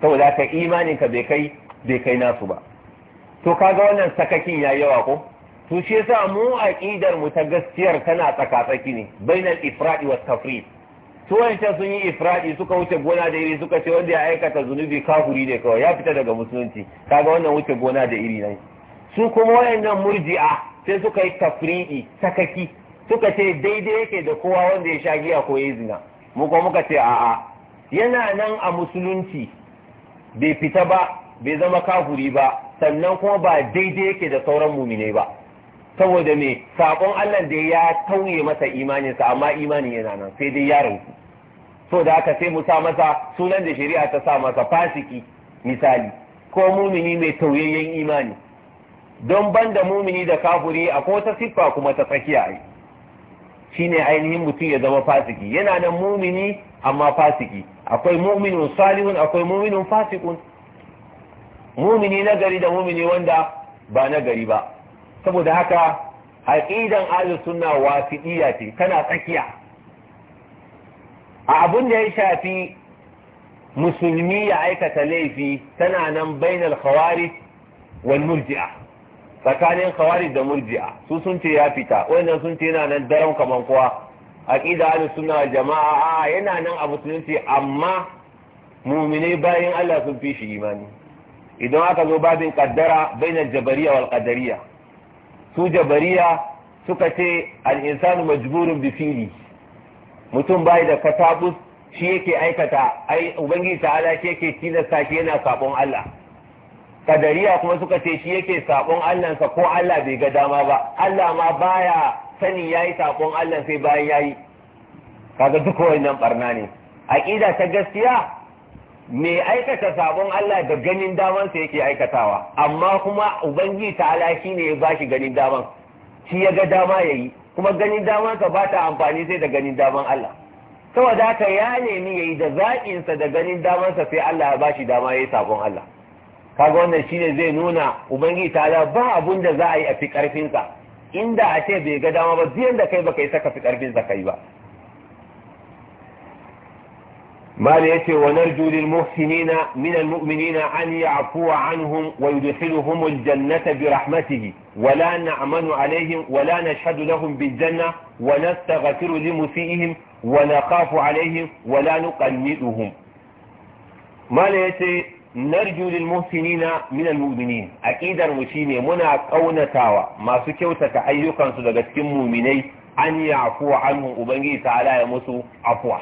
saboda ka imanin ka bai kai bai kai nasu ba to kaga wannan sakakin yayi yawa ko to shi yasa mu aqidar mu ta gaskiyar tana tsakatsaki ne bainal ifradi was tafrid to wancan sun yi ifradi suka wuce gona da iri suka ce wanda ya aikata zunubi kafuri ne kawai ya fita daga musulunci kaga wannan wuce gona da iri ne su kuma wayannan murji'a sai suka yi tafridi sakaki suka ce daidai yake da kowa wanda ya sha giya ko ya zina mu kuma muka ce a'a yana nan a musulunci bai fita ba bai zama kafuri ba sannan kuma ba daidai yake da sauran mumine ba saboda me sabon Allah da ya tauye masa imaninsa amma imanin yana nan sai dai ya rauku so da haka sai mu sa masa sunan da shari'a ta sa masa fasiki misali ko mumini mai tauyayyen imani don banda mumini da kafuri a ko ta siffa kuma ta tsakiya ai shine ainihin mutum ya zama fasiki yana nan mumini amma fasiki akwai muminun salihun akwai muminun fasikun mumini nagari da mumini wanda ba nagari ba saboda haka aqidan ahlus sunna wasiqiyya ce tana tsakiya a abin da ya shafi musulmi ya aikata laifi tana nan bainal khawarij wal murji'a tsakanin khawarij da murji'a su sun ce ya fita wannan sun ce yana nan daren kaman kowa aqida ahlus sunna jama'a a yana nan a musulunci amma mu'minai bayan Allah sun fi shi imani idan aka zo babin kaddara bainal jabariya wal qadariyya su jabariya suka ce al'insanu majburin bifili mutum bai da katabus shi yake aikata ai ta ta'ala shi yake tilasta shi yana sabon Allah kadariya kuma suka ce shi yake sabon Allahnsa ko Allah bai ga dama ba Allah ma baya sani yayi sabon Allah sai bayan yayi kaga duk wannan barna ne aqida ta gaskiya mai aikata sabon Allah da ganin sa yake aikatawa amma kuma ubangiji ta shi ne ya ba ganin daman shi ya ga dama yayi kuma ganin sa ba ta amfani sai da ganin daman Allah saboda haka ya nemi yayi yi da sa da ganin sa sai Allah ya ba dama ya yi sabon Allah kaga wannan shine zai nuna ubangiji Allah ba abun da za a yi a fi ƙarfinsa inda a ce bai ga dama ba biyan da kai baka yi saka fi ƙarfinsa kai ba mali yace wa narju lil muhsinina min al mu'minina an ya'fuwa anhum wa yudkhiluhum al jannata bi rahmatihi wa la na'manu alayhim wa la nashhadu lahum bil janna wa nastaghfiru li musiihim wa naqafu alayhim wa la nuqanniduhum mali yace narju lil muhsinina min al mu'minin aqidar mu shine muna kaunatawa masu kyautata ayyukan su daga cikin mu'minai an ya'fuwa anhum ubangi ta'ala ya musu afwa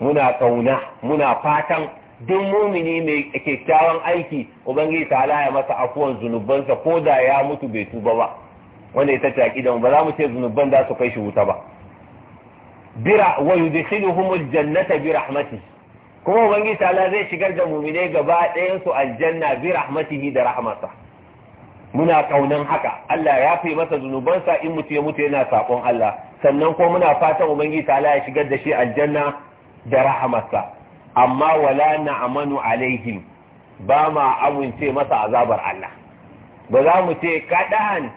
muna ƙauna muna fatan duk mumini mai kyakkyawan aiki ubangiji ta ya masa afuwan zunubansa ko da ya mutu bai tuba ba wanda ita ce aqidan ba za mu ce zunuban za su kai shi wuta ba bira wa yudkhiluhum aljannata bi rahmatihi kuma ubangiji ta zai shigar da mumine gaba ɗayan su aljanna bi rahmatihi da rahmata. muna kaunan haka Allah ya fi masa zunubansa in mutu ya mutu yana sakon Allah sannan ko muna fatan ubangiji ta ya shigar da shi aljanna da rahamarsa amma wala na Amanu alaihim ba ma amince masa azabar Allah ba za mu ce kaɗan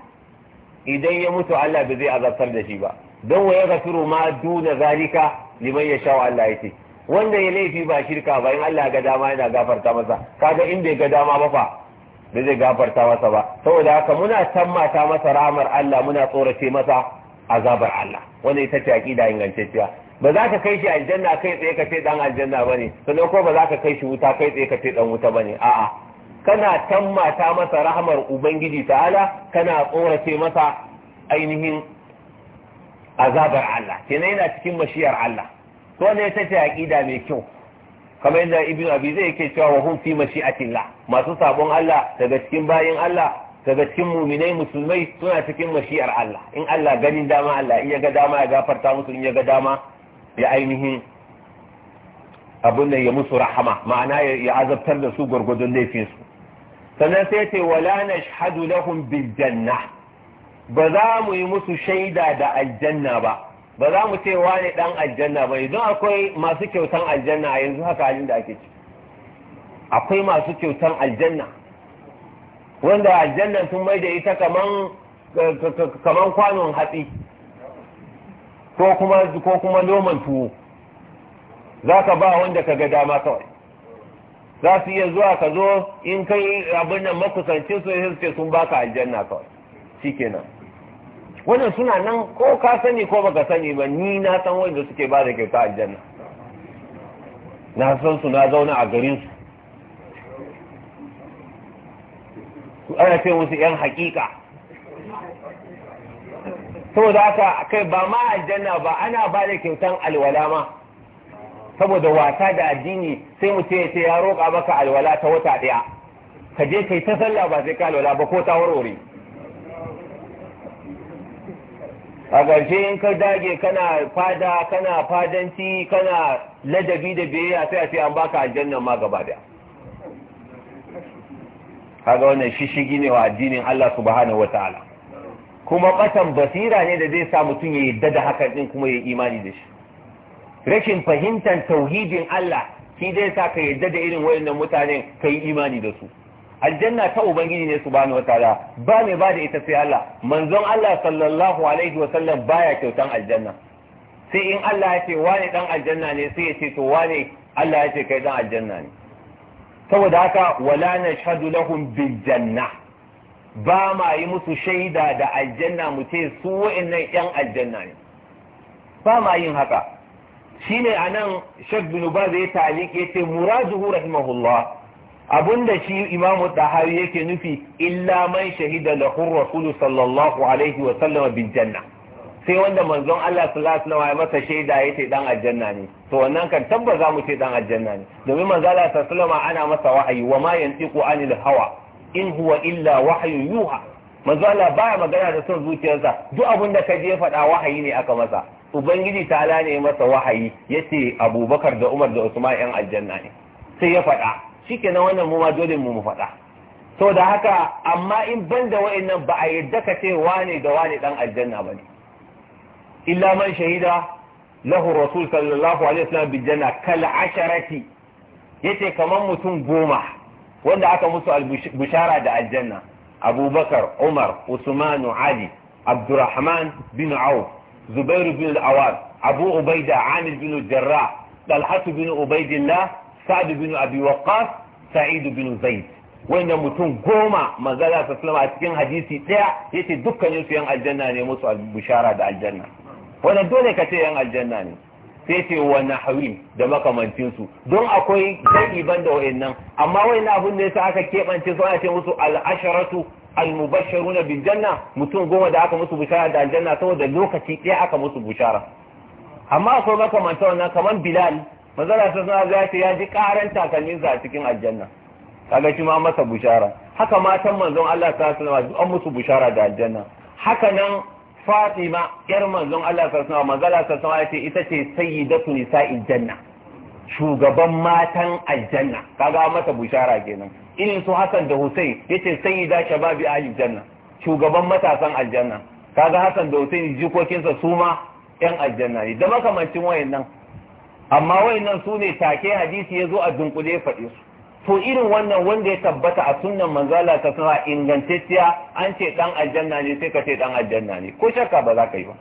idan ya mutu Allah ba zai azabtar da shi ba don wa ya gafiru ma duna zalika liman ya shawo Allah ya ce wanda ya laifi ba shirka ba in Allah ga dama yana gafarta masa kaga in bai ga dama ba fa ba zai gafarta masa ba saboda haka muna tammata masa ramar Allah muna tsorace masa azabar Allah wanda ita ce aqida ingantacciya ba za ka kai shi aljanna kai tsaye ka ce dan aljanna ba ne sannan ko ba za ka kai shi wuta kai tsaye ka ce dan wuta ba ne a'a kana tammata masa rahmar ubangiji ta'ala kana tsorace masa ainihin azabar Allah kenan yana cikin mashiyar Allah to ne ta ce aqida mai kyau kamar yadda ibnu abi zai yake cewa wa hum fi mashi'atillah masu sabon Allah daga cikin bayin Allah daga cikin muminai musulmai suna cikin mashi'ar Allah in Allah ganin dama Allah in ya ga dama ya gafarta musu in ya ga dama ya ainihin abin nan ya musu rahama ma'ana ya azabtar da su gwargwadon laifinsu sannan sai ce wala nashhadu lahum bil janna ba za mu yi musu shaida da aljanna ba ba za mu ce wani dan aljanna ba idan akwai masu kyautan aljanna a yanzu haka halin da ake ci akwai masu kyautan aljanna wanda aljanna sun mai da ita kaman kaman kwanon hatsi ko kuma ko kuma noman tuwo zaka ba wanda kaga dama kawai za su iya zuwa ka zo in kai abin nan makusancin su sai ce sun baka aljanna kawai shikenan wannan suna nan ko ka sani ko baka sani ba ni na san wanda suke ba da kyauta aljanna na san su na zauna a garin su ana ce musu yan hakika saboda haka kai ba ma aljanna ba ana ba da kyautan alwala ma saboda wasa da addini sai mu ce ya roƙa maka alwala ta wata ɗaya ka je kai ta sallah ba sai ka alwala ba ko ta warware a ƙarshe in ka dage kana fada kana fadanci kana ladabi da biyayya sai a ce an baka aljanna ma gaba daya kaga wannan shishigi ne wa addinin Allah subhanahu wataala kuma ɓatan basira ne da zai sa mutum ya yadda da haka din kuma ya imani da shi rashin fahimtar tauhidin Allah shi zai sa ka yadda da irin wayannan mutanen ka yi imani da su aljanna ta ubangiji ne subhanahu wataala ba mai ba da ita sai Allah manzon Allah sallallahu alaihi wa sallam baya kyautan aljanna sai in Allah ya ce wani dan aljanna ne sai ya ce to wani Allah ya ce kai dan aljanna ne saboda haka wala nashhadu lahum bin janna ba ma yi musu shaida da aljanna mu ce su wa'annan yan aljanna ne ba ma yin haka shine anan Sheikh bin ba zai taliki yace muraduhu rahimahullah abinda shi Imam Tahawi yake nufi illa man shahida lahu Rasul sallallahu alaihi wa sallama bin janna sai wanda manzon Allah sallallahu alaihi wa sallam masa shaida yace dan aljanna ne to wannan kan tabbata mu ce dan aljanna ne domin manzon Allah sallallahu alaihi wa sallama ana masa wahayi wa ma yantiqu anil hawa in huwa illa wahyu yuha manzo Allah baya magana da son zuciyarsa duk abin da ka je faɗa wahayi ne aka masa ubangiji ta'ala ne masa wahayi yace abubakar da umar da usman yan aljanna ne sai ya faɗa shikenan wannan mu ma dole mu mu faɗa to da haka amma in banda wa'annan ba a yarda ka ce wane da wane dan aljanna ne. illa man shahida lahu rasul sallallahu alaihi wasallam bil janna kal asharati yace kaman mutum goma wanda aka musu bushara da aljanna abubakar umar usmanu ali abdurrahman bin auf zubairu bin al-awad abu ubaida amir bin Jarra, talhatu bin ubaidillah sa'd bin abi Sa'idu sa'id bin zaid wanda mutum goma manzala ta sallama a cikin hadisi daya yace dukkanin su yan aljanna ne musu bushara da aljanna wannan dole ka ce yan aljanna ne sai ce wa hawi da makamancinsu don akwai zai ban da wayannan amma wani abin da sa aka keɓance su ana ce musu al'asharatu asharatu al janna mutum goma da aka musu bishara da aljanna saboda lokaci ɗaya aka musu bishara amma akwai makamanta wannan kamar bilal manzara sun sana za ta ya ji karan takalminsa a cikin aljanna kaga shi ma masa bishara haka matan manzon Allah ta sallama an musu bishara da aljanna haka nan Fatima ƴar manzon Allah sallallahu alaihi manzala sallallahu alaihi ita ce sayyidatu nisa'il janna shugaban matan aljanna kaga mata bushara kenan irin su Hassan da Hussein yace sayyida shababi ahli janna shugaban matasan aljanna kaga Hassan da Hussein jikokinsa su ma yan aljanna ne da makamancin wayannan amma wayannan su ne take hadisi yazo a dunkule faɗe su to irin wannan wanda ya tabbata a sunnan manzala ta sama ingantacciya an ce dan aljanna ne sai ka ce dan aljanna ne ko shakka ba za ka yi ba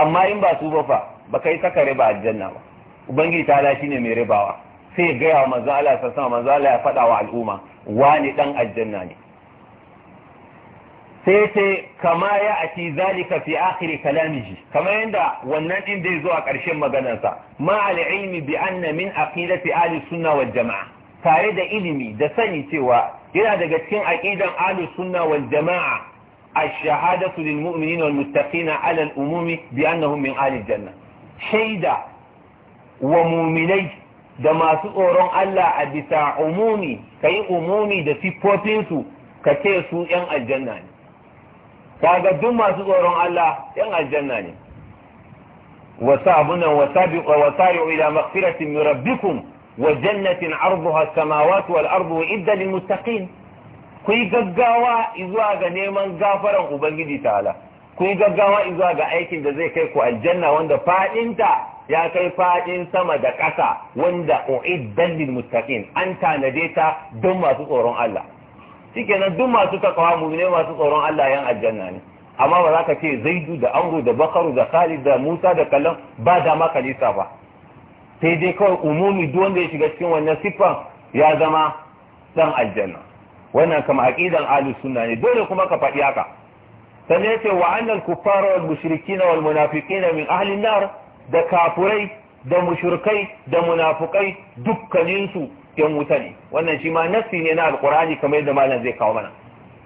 amma in ba su ba fa ba kai saka riba aljanna ba ubangiji ta shi ne mai ribawa sai gaya wa manzala ta sama manzala ya fada wa al'umma wani dan aljanna ne sai sai kama ya ci zalika fi akhiri kalamiji kama yanda wannan din zai zo a ƙarshen maganarsa ma al-ilmi bi anna min aqidati ahli sunna wal jama'a tare da ilimi da sani cewa yana daga cikin aqidan ahlus sunna wal jamaa ash-shahadatu lil mu'minina wal muttaqina ala al umumi bi annahum min ahli janna shaida wa mu'minai da masu tsoron Allah a bisa umumi kai umumi da sifofin su ka ce su yan aljanna ne kaga duk masu tsoron Allah yan aljanna ne وسابنا وسابق وسارعوا إلى مغفرة من ربكم وجنة عرضها السماوات والأرض وإدى للمتقين كي قاقاوا إذواغا نيمان غافرا أبنجي تعالى كي قاقاوا إذواغا أيكين دا زي كيكو الجنة واند فائنتا يا كي فائن سما دا كسا واندا أعدى للمتقين أنت نديتا دم تطورون الله شكنا دم تتقوى مؤمنين وتطورون الله ين الجنة أما وراك تي زيد دا أمر دا بقر دا خالد دا موسى دا كلام بعد ما كان يصافى sai dai kawai umumi duk wanda ya shiga cikin wannan siffan ya zama dan aljanna wannan kama aqidan ahli sunna ne dole kuma ka faɗi haka sannan yace wa annal kuffara wal mushrikina wal munafiqina min ahli nar da kafurai da mushrikai da munafukai dukkaninsu yan wuta wannan shi ma nassi ne na alqur'ani kamar yadda malam zai kawo mana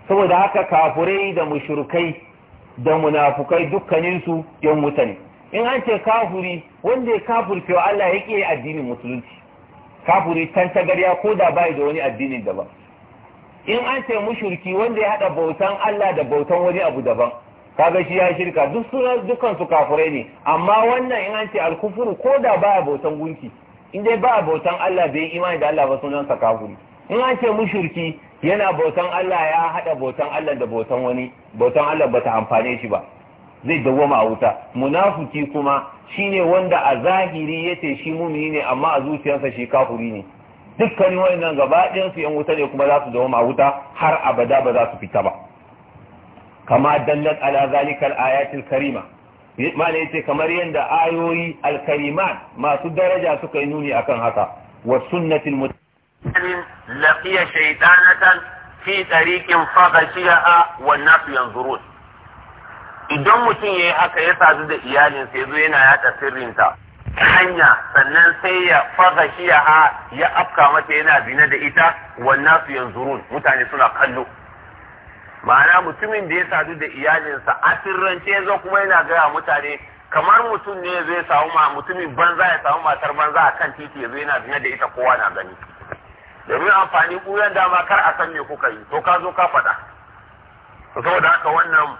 saboda haka kafurai da mushrikai da munafukai dukkaninsu yan wuta ne in an ce kafuri wanda ya kafurce cewa Allah yi addinin musulunci kafuri tantagarya ko da bai da wani addinin daban in an ce mushurki wanda ya haɗa bautan Allah da bautan wani abu daban kaga shi ya shirka duk sunan dukan su kafurai ne amma wannan in an ce alkufuru ko da baya bautan gunki in dai ba bautan Allah bai imani da Allah ba sunan sa kafuri in an ce mushurki yana bautan Allah ya haɗa bautan Allah da bautan wani bautan Allah bata amfane shi ba zai dawwama a wuta munafiki kuma shine wanda a zahiri yace shi mumini ne amma a zuciyarsa shi kafuri ne dukkanin wayannan gaba ɗayan su yan wuta ne kuma za su dawwama a wuta har abada ba za su fita ba kama dallat ala zalikal ayatil karima ma'ana yace kamar yadda ayoyi Alkariman masu daraja suka yi nuni akan haka wa sunnatil mutakallim laqiya shaytanatan fi tariqin faghashiha wa nasu yanzurun idan mutum ya yi haka ya sadu da iyalinsa ya zo yana yaɗa sirrinta hanya sannan sai ya faga shiya ha ya afka mata yana zina da ita wannan su yanzurun mutane suna kallo ma'ana mutumin da ya sadu da iyalinsa a sirrance ya zo kuma yana gaya mutane kamar mutum ne zai samu ma mutumin banza ya samu matar banza a kan titi ya zo yana zina da ita kowa na gani domin amfani kuyan dama kar a san me kuka yi to ka zo ka faɗa saboda haka wannan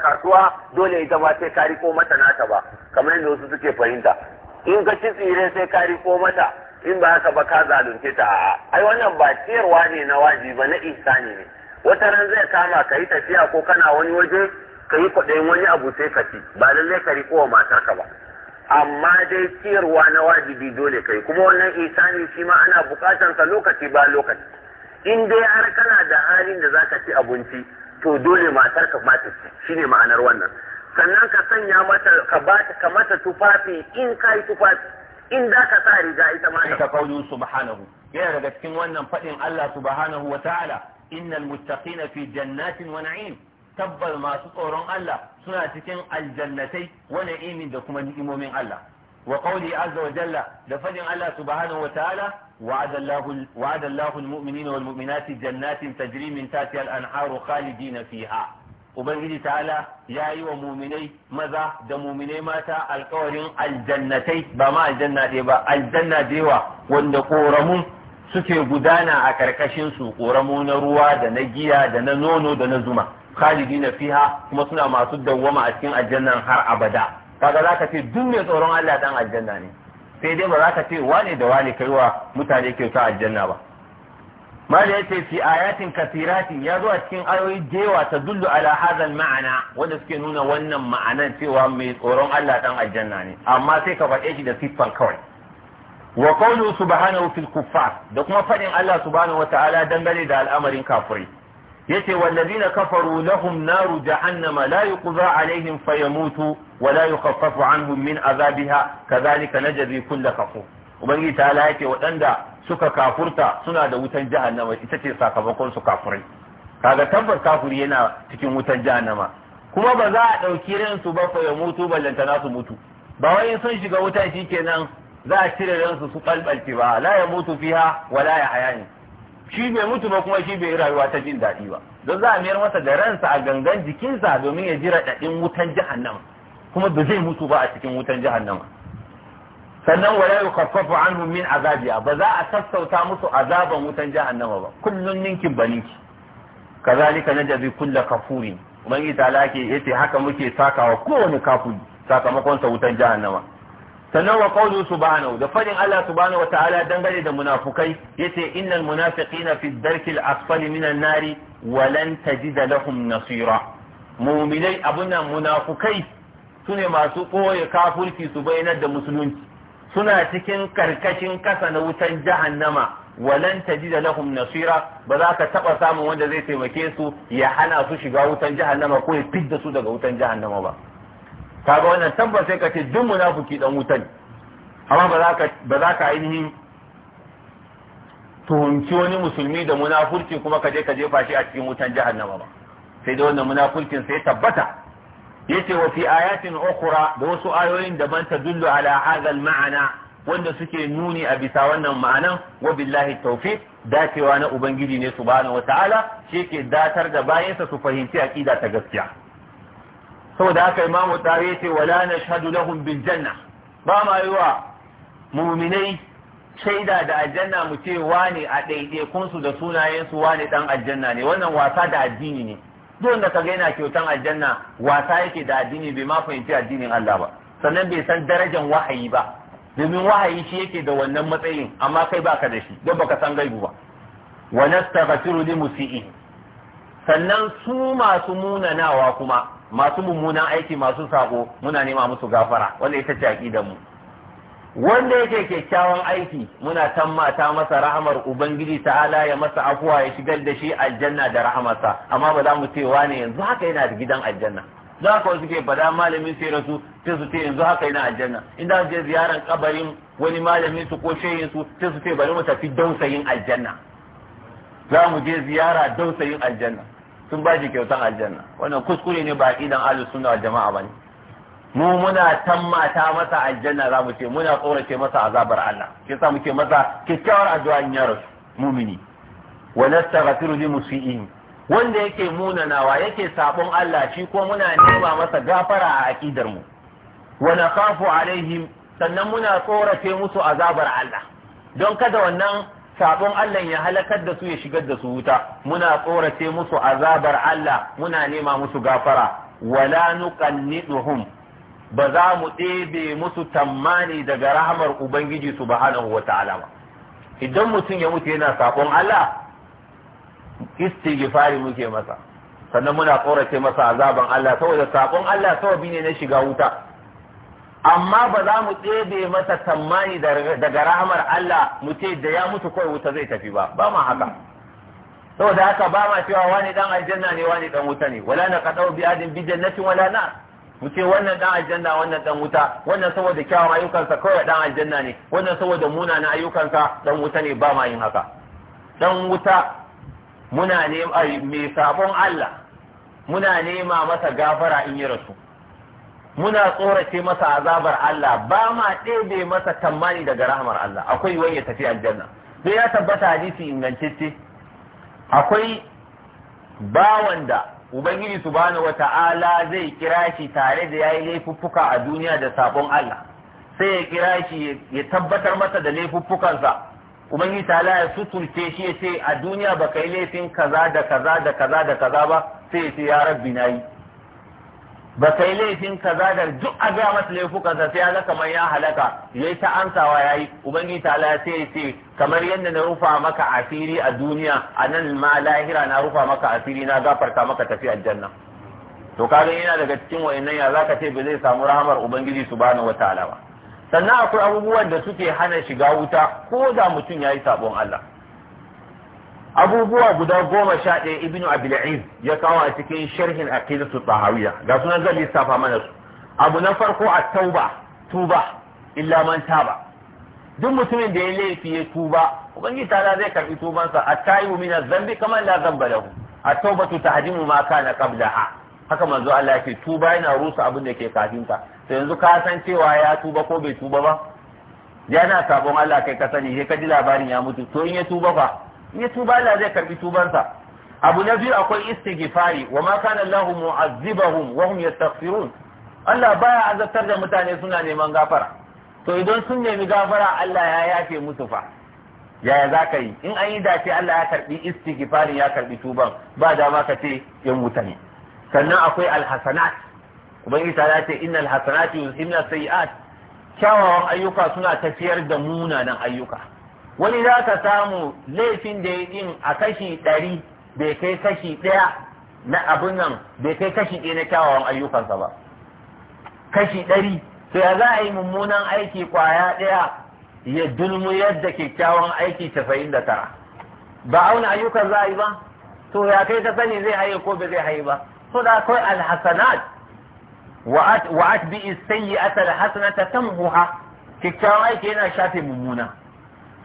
kasuwa dole ita ba sai ka riko mata nata ba kamar yadda wasu suke fahimta in ka ci tsire sai ka riko mata in ba haka ba ka zalunce ta a'a ai wannan ba ciyarwa ne na waji ba na ihsani ne wata ran zai kama ka yi tafiya ko kana wani waje ka yi kwaɗayin wani abu sai ka ci ba lallai ka riko wa ka ba amma dai ciyarwa na wajibi dole kai kuma wannan ihsani shi ma ana bukatansa lokaci ba lokaci in dai har kana da halin da za ka ci abinci to dole matar ka mata shi ne ma'anar wannan sannan ka sanya mata ka bata ka mata tufafi in ka yi tufafi in za ka sa riga ita ma ta kaulu subhanahu yana daga cikin wannan fadin Allah subhanahu wa ta'ala innal muttaqina fi jannatin wa na'im tabbal masu tsoron Allah suna cikin aljannatai wa na'imin da kuma ni'imomin Allah wa qauli azza wa jalla da fadin Allah subhanahu wa ta'ala وعد الله وعد الله المؤمنين والمؤمنات جنات تجري من تحتها الانهار خالدين فيها ubangiji ta'ala ya yi wa muminai maza da muminai mata alkawarin aljannatai ba ma aljanna ɗaya ba aljanna da yawa wanda ƙoramun suke gudana a ƙarƙashin su ƙoramu na ruwa da na giya da na nono da na zuma khalidi na fiha kuma suna masu dawwama a cikin aljannan har abada kaga zaka ce duk mai tsoron Allah dan aljanna ne sai dai ba za ka ce wane da wane kaiwa mutane kyauta aljanna ba ya ce fi ayatin kasiratin ya zuwa cikin ayoyi jewa ta dullu ala hadal ma'ana wanda suke nuna wannan ma'anan cewa mai tsoron Allah dan aljanna ne amma sai ka faɗe shi da siffan kawai wa qawlu subhanahu fil kuffar da kuma faɗin Allah subhanahu wata'ala dangane da al'amarin kafuri. yace wallazina kafaru lahum naru jahannama la yuqza alaihim fayamutu wa la yukhaffafu anhum min azabiha kadhalika najzi kull kafur ubangiji ta ala yake waɗanda suka kafurta suna da wutan jahannama ita ce sakamakon su kafurai kaga tabbas kafuri yana cikin wutan jahannama kuma ba za a ɗauki ransu ba fayamutu ballantana su mutu ba wai sun shiga wutan shikenan za a cire ransu su kalbalce ba la mutu fiha wa la ya shi bai mutu ba kuma shi bai rayuwa ta jin daɗi ba don za a mayar masa da ransa a gangan jikinsa domin ya ji raɗaɗin wutan jahannama kuma ba zai mutu ba a cikin wutan jahannama sannan wala yukaffafu anhum min azabiya ba za a sassauta musu azaban wutan jahannama ba kullum ninkin ba baninki kazalika najzi kulla kafurin ubangiji ta lake yace haka muke sakawa kowane kafuri sakamakon sa wutan jahannama sannan wa qawlu subhanahu da fadin Allah subhanahu wa ta'ala dangane da munafukai yace innal munafiqina fi darkil asfali minan nari wa lan tajida lahum nasira mu'minai abuna munafukai sune masu koye kafurki su bayyana da musulunci suna cikin karkashin kasa na wutan jahannama walan tajida lahum nasira ba za ka taba samun wanda zai taimake su ya hana su shiga wutan jahannama ko ya fidda su daga wutan jahannama ba kaga wannan tabbas sai ka ce duk munafiki dan wuta ne amma ba za ka ba za ka ainihin tuhunci wani musulmi da munafurci kuma ka je ka jefa shi a cikin wutan jahannama ba sai da wannan munafurcin sai tabbata yace wa fi ayatin ukhra da wasu ayoyin da ta dullu ala hadha al ma'ana wanda suke nuni a bisa wannan ma'anan wa billahi tawfiq dacewa na ubangiji ne subhanahu wataala shi ke datar da bayansa su fahimci aqida ta gaskiya saboda haka imamu tare ya ce wala nashhadu lahum bil janna ba ma yi wa muminai shaida da aljanna mu ce wane a su da sunayensu wane ɗan aljanna ne wannan wasa da addini ne duk da kaga yana kyautan aljanna wasa yake da addini bai ma fahimci addinin Allah ba sannan bai san darajar wahayi ba domin wahayi shi yake da wannan matsayin amma kai baka da shi don baka san gaibu ba wa nastaghfiru li musii sannan su masu munanawa kuma masu mummunan aiki masu sako muna nema musu gafara wanda ita ce aqidar mu wanda yake kyakkyawan aiki muna tammata masa rahamar ubangiji ta'ala ya masa afuwa ya shigar da shi aljanna da rahamarsa amma ba za mu ce wane yanzu haka yana da gidan aljanna za ka wasu ke fada malamin sai rasu sai su ce yanzu haka yana aljanna in za su je ziyarar kabarin wani malamin su ko shehin su sai su ce bari mu tafi dausayin aljanna za mu je ziyara dausayin aljanna sun ba shi kyautan aljanna wannan kuskure ne ba idan ahlus sunna wal jama'a bane mu muna tammata masa aljanna za mu ce muna tsorace masa azabar Allah ke yasa muke masa kyakkyawar addu'a in ya rasu mumini wa nastaghfiru li musii'in wanda yake munanawa yake sabon Allah shi ko muna nema masa gafara a aqidar mu wa nakhafu alaihim sannan muna tsorace musu azabar Allah don kada wannan sabon Allah ya halakar da su ya shigar da su wuta muna tsorace musu azabar Allah muna nema musu gafara wala nuqanniduhum ba za mu ɗebe musu tammani daga rahamar ubangiji subhanahu wata'ala ba idan mutum ya mutu yana sabon Allah istighfari muke masa sannan muna tsorace masa azaban Allah saboda sabon Allah sababi ne na shiga wuta amma ba za mu tsebe masa tammani daga rahamar Allah mu ce da ya mutu kawai wuta zai tafi ba ba ma haka saboda haka ba ma cewa wani dan aljanna ne wani dan wuta ne wala na qadau bi adin bi jannatin wala na mu ce wannan dan aljanna wannan dan wuta wannan saboda kyawun ayyukansa kawai dan aljanna ne wannan saboda na ayyukansa dan wuta ne ba ma yin haka dan wuta muna ne mai sabon Allah muna nema masa gafara in yi rasu muna tsorace masa azabar Allah ba ma ɗebe masa tammani daga rahmar Allah akwai wani ya tafi aljanna sai ya tabbata hadisi ingantacce akwai bawan da ubangiji subhanahu wata'ala zai kira shi tare da yayi laifuffuka a duniya da sabon Allah sai ya kira shi ya tabbatar masa da laifuffukansa ubangiji ta'ala ya suturce shi ya ce a duniya baka yi laifin kaza da kaza da kaza da kaza ba sai ya ce ya rabbi nayi ba sai laifin kaza da duk a ga masa laifukansa sai ya kamar ya halaka yayi ta ya yayi ubangi ta ala sai ce kamar yadda na rufa maka asiri a duniya a nan ma lahira na rufa maka asiri na gafarta maka tafi aljanna to ka gani yana daga cikin wayannan ya zaka ce ba zai samu rahamar ubangiji su bani wataala ba sannan akwai abubuwan da suke hana shiga wuta ko da mutum ya yi sabon Allah abubuwa guda goma sha ɗaya ibnu abil'iz ya kawo a cikin sharhin aqidatu tahawiyya ga sunan zan lissafa mana su abu na farko a tauba tuba illa man taba duk mutumin da ya laifi ya tuba ubangiji ta zai karbi tubansa at-taibu min adh-dhanbi kama la dhanba lahu at-taubatu tahdimu ma kana qablaha haka manzo Allah yake tuba yana rusa abin da ke kafinta. to yanzu ka san cewa ya tuba ko bai tuba ba yana sabon Allah kai ka sani sai ka ji labarin ya mutu to in ya tuba fa ni tuba Allah zai karbi tubansa abu na biyu akwai istighfari wa ma kana Allah mu'azzibahum wa hum yastaghfirun Allah baya azabtar da mutane suna neman gafara to idan sun nemi gafara Allah ya yafe musu fa yaya za ka yi in an yi dace Allah ya karbi istighfari ya karbi tuban ba dama ka ce yan wuta sannan akwai alhasanat ubangiji ta ce innal hasanati yuzhibna sayiat kyawawan ayyuka suna tafiyar da munanan ayyuka wani za ka samu laifin da ya ɗin a kashi ɗari bai kai kashi ɗaya na abin nan bai kai kashi ɗaya na kyawawan ayyukansa ba kashi ɗari sai za a yi mummunan aiki kwaya ɗaya ya dulmu yadda kyakkyawan aiki tafayin da tara ba auna ayyukan za a yi ba to ya kai ta sani zai haye ko ba zai haye ba to da akwai alhasanat wa'at bi sayyi'ata alhasanata tamhuha kyakkyawan aiki yana shafe mummuna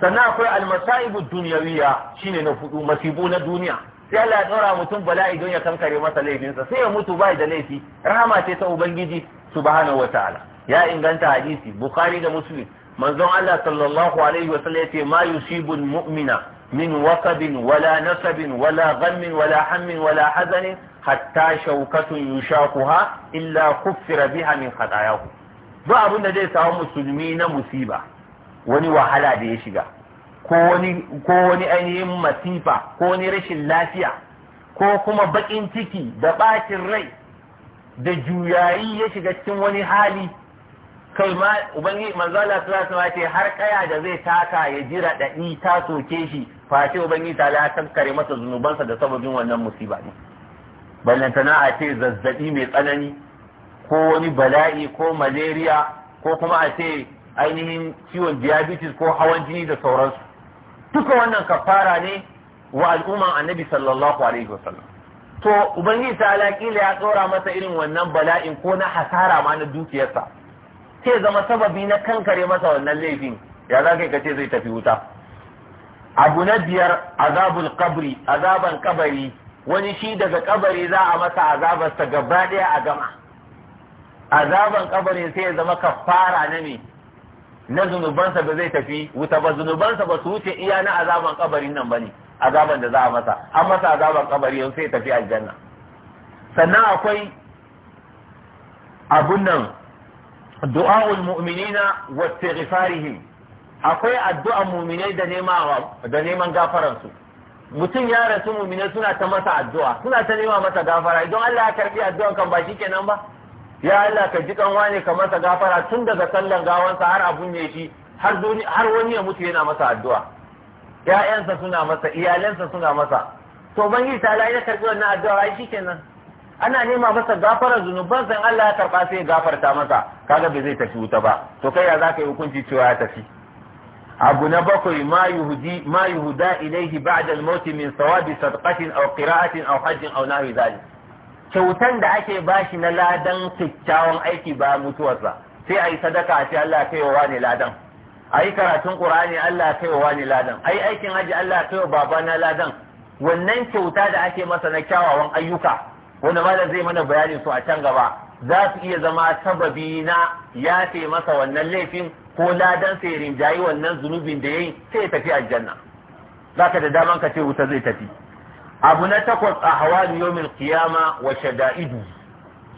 sannan akwai almasa'ibu duniyawiya shine na hudu masibu na duniya sai Allah ya dora mutum bala'i don ya kankare masa laifinsa sai ya mutu bai da laifi rahama ce ta ubangiji subhanahu wataala ya inganta hadisi bukhari da muslim manzon Allah sallallahu alaihi wa sallam yace ma yusibu mu'mina min wasabin wala nasabin wala ghammin wala hammin wala hazanin hatta shaukatun yushaquha illa kuffira biha min khatayahu ba abin da zai samu musulmi na musiba wani wahala da ya shiga ko wani ainihin masifa ko wani rashin lafiya ko kuma bakin ciki da bacin rai da juyayi ya shiga cikin wani hali kai ma ubangi Manzala Allah sallallahu alaihi ce har kaya da zai taka ya ji radadi ta soke shi face ubangi ta la kare masa zunubansa da sababin wannan musiba ne tana a ce zazzabi mai tsanani ko wani bala'i ko malaria ko kuma a ce ainihin ciwon diabetes ko hawan jini da sauransu duka wannan kafara ne wa al'umman annabi sallallahu alaihi wasallam to ubangiji ta alaƙila ya tsora masa irin wannan bala'in ko na hasara ma na dukiyarsa sai zama sababi na kankare masa wannan laifin ya za ka ce zai tafi wuta abu na biyar azabul kabri azaban kabari wani shi daga kabari za a masa azabarsa gaba ɗaya a gama azaban kabari sai ya zama kafara na ne na zunubansa ba zai tafi wuta ba zunubansa ba su wuce iya na azaban kabarin nan bane azaban da za a masa an masa azaban kabari yau sai tafi aljanna sannan akwai abun nan du'a'ul mu'minina wa istighfarihim akwai addu'a mu'minai da da neman gafaransu mutum ya rasu mu'minai suna ta masa addu'a suna ta nema masa gafara idan Allah ya karbi addu'an kan ba shikenan ba ya Allah ka ji kan wani ka masa gafara tun daga sallan gawansa har abun ya shi har har wani ya mutu yana masa addu'a ƴaƴansa suna masa iyalansa suna masa to ubangiji ta Allah ya karbi wannan addu'a ai kenan. ana nema masa gafarar zunuban san Allah ya karba sai ya gafarta masa kaga bai zai tafi wuta ba to kai ya zaka yi hukunci cewa ya tafi abu na bakwai ma yuhudi ma yuhuda ilaihi ba'da al-maut min sawabi sadaqatin aw qira'atin aw hajjin aw nahwi dhalik kyautan da ake shi na ladan kyakkyawan aiki ba mutuwarsa sai a yi sadaka a ce Allah kai wa wani ladan a yi karatun ƙur'ani Allah kai wa wani ladan a yi aikin haji Allah kai wa baba na ladan wannan kyauta da ake masa na kyawawan ayyuka wanda da zai mana bayani su a can gaba za su iya zama sababi na yafe masa wannan laifin ko ladan sai rinjayi wannan zunubin da ya yi sai ya tafi aljanna zaka da daman ka ce wuta zai tafi abu na takwas a hawali Yomin Kiyama wa shada'idu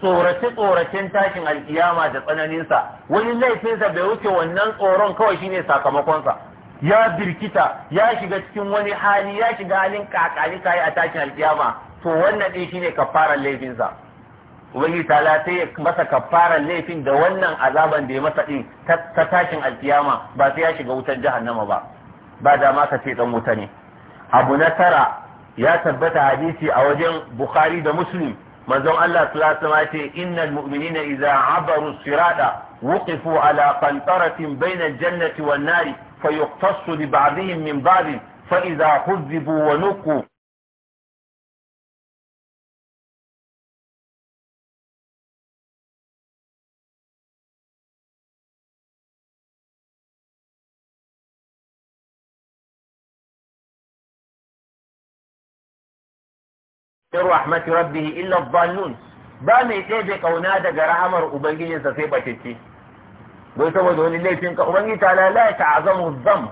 tsorace tsoracen takin alkiyama da tsananinsa wani laifinsa bai wuce wannan tsoron kawai shine sakamakonsa ya birkita ya shiga cikin wani hali ya shiga halin kakani yi a tashin alkiyama to wannan din shine kafaran laifinsa Wani ta ya masa kafaran laifin da wannan azaban da ya masa ɗin ta tashin alkiyama ba sai ya shiga wutar jahannama ba ba dama ma ka ce dan wuta ne abu na tara ya tabbata hadisi a wajen bukhari da muslim manzon Allah sallallahu alaihi ce innal mu'minina idza abaru sirada wuqifu ala qantaratin bayna al-jannati wan nari fayuqtasu li ba'dihim min ba'd fa idza huzibu wa nuqu min rahmatu rabbih illa adh-dhallun ba mai tsaye kauna daga rahamar ubangijinsa sai batacce don saboda wani laifin ka ubangi ta la ta'azamu dham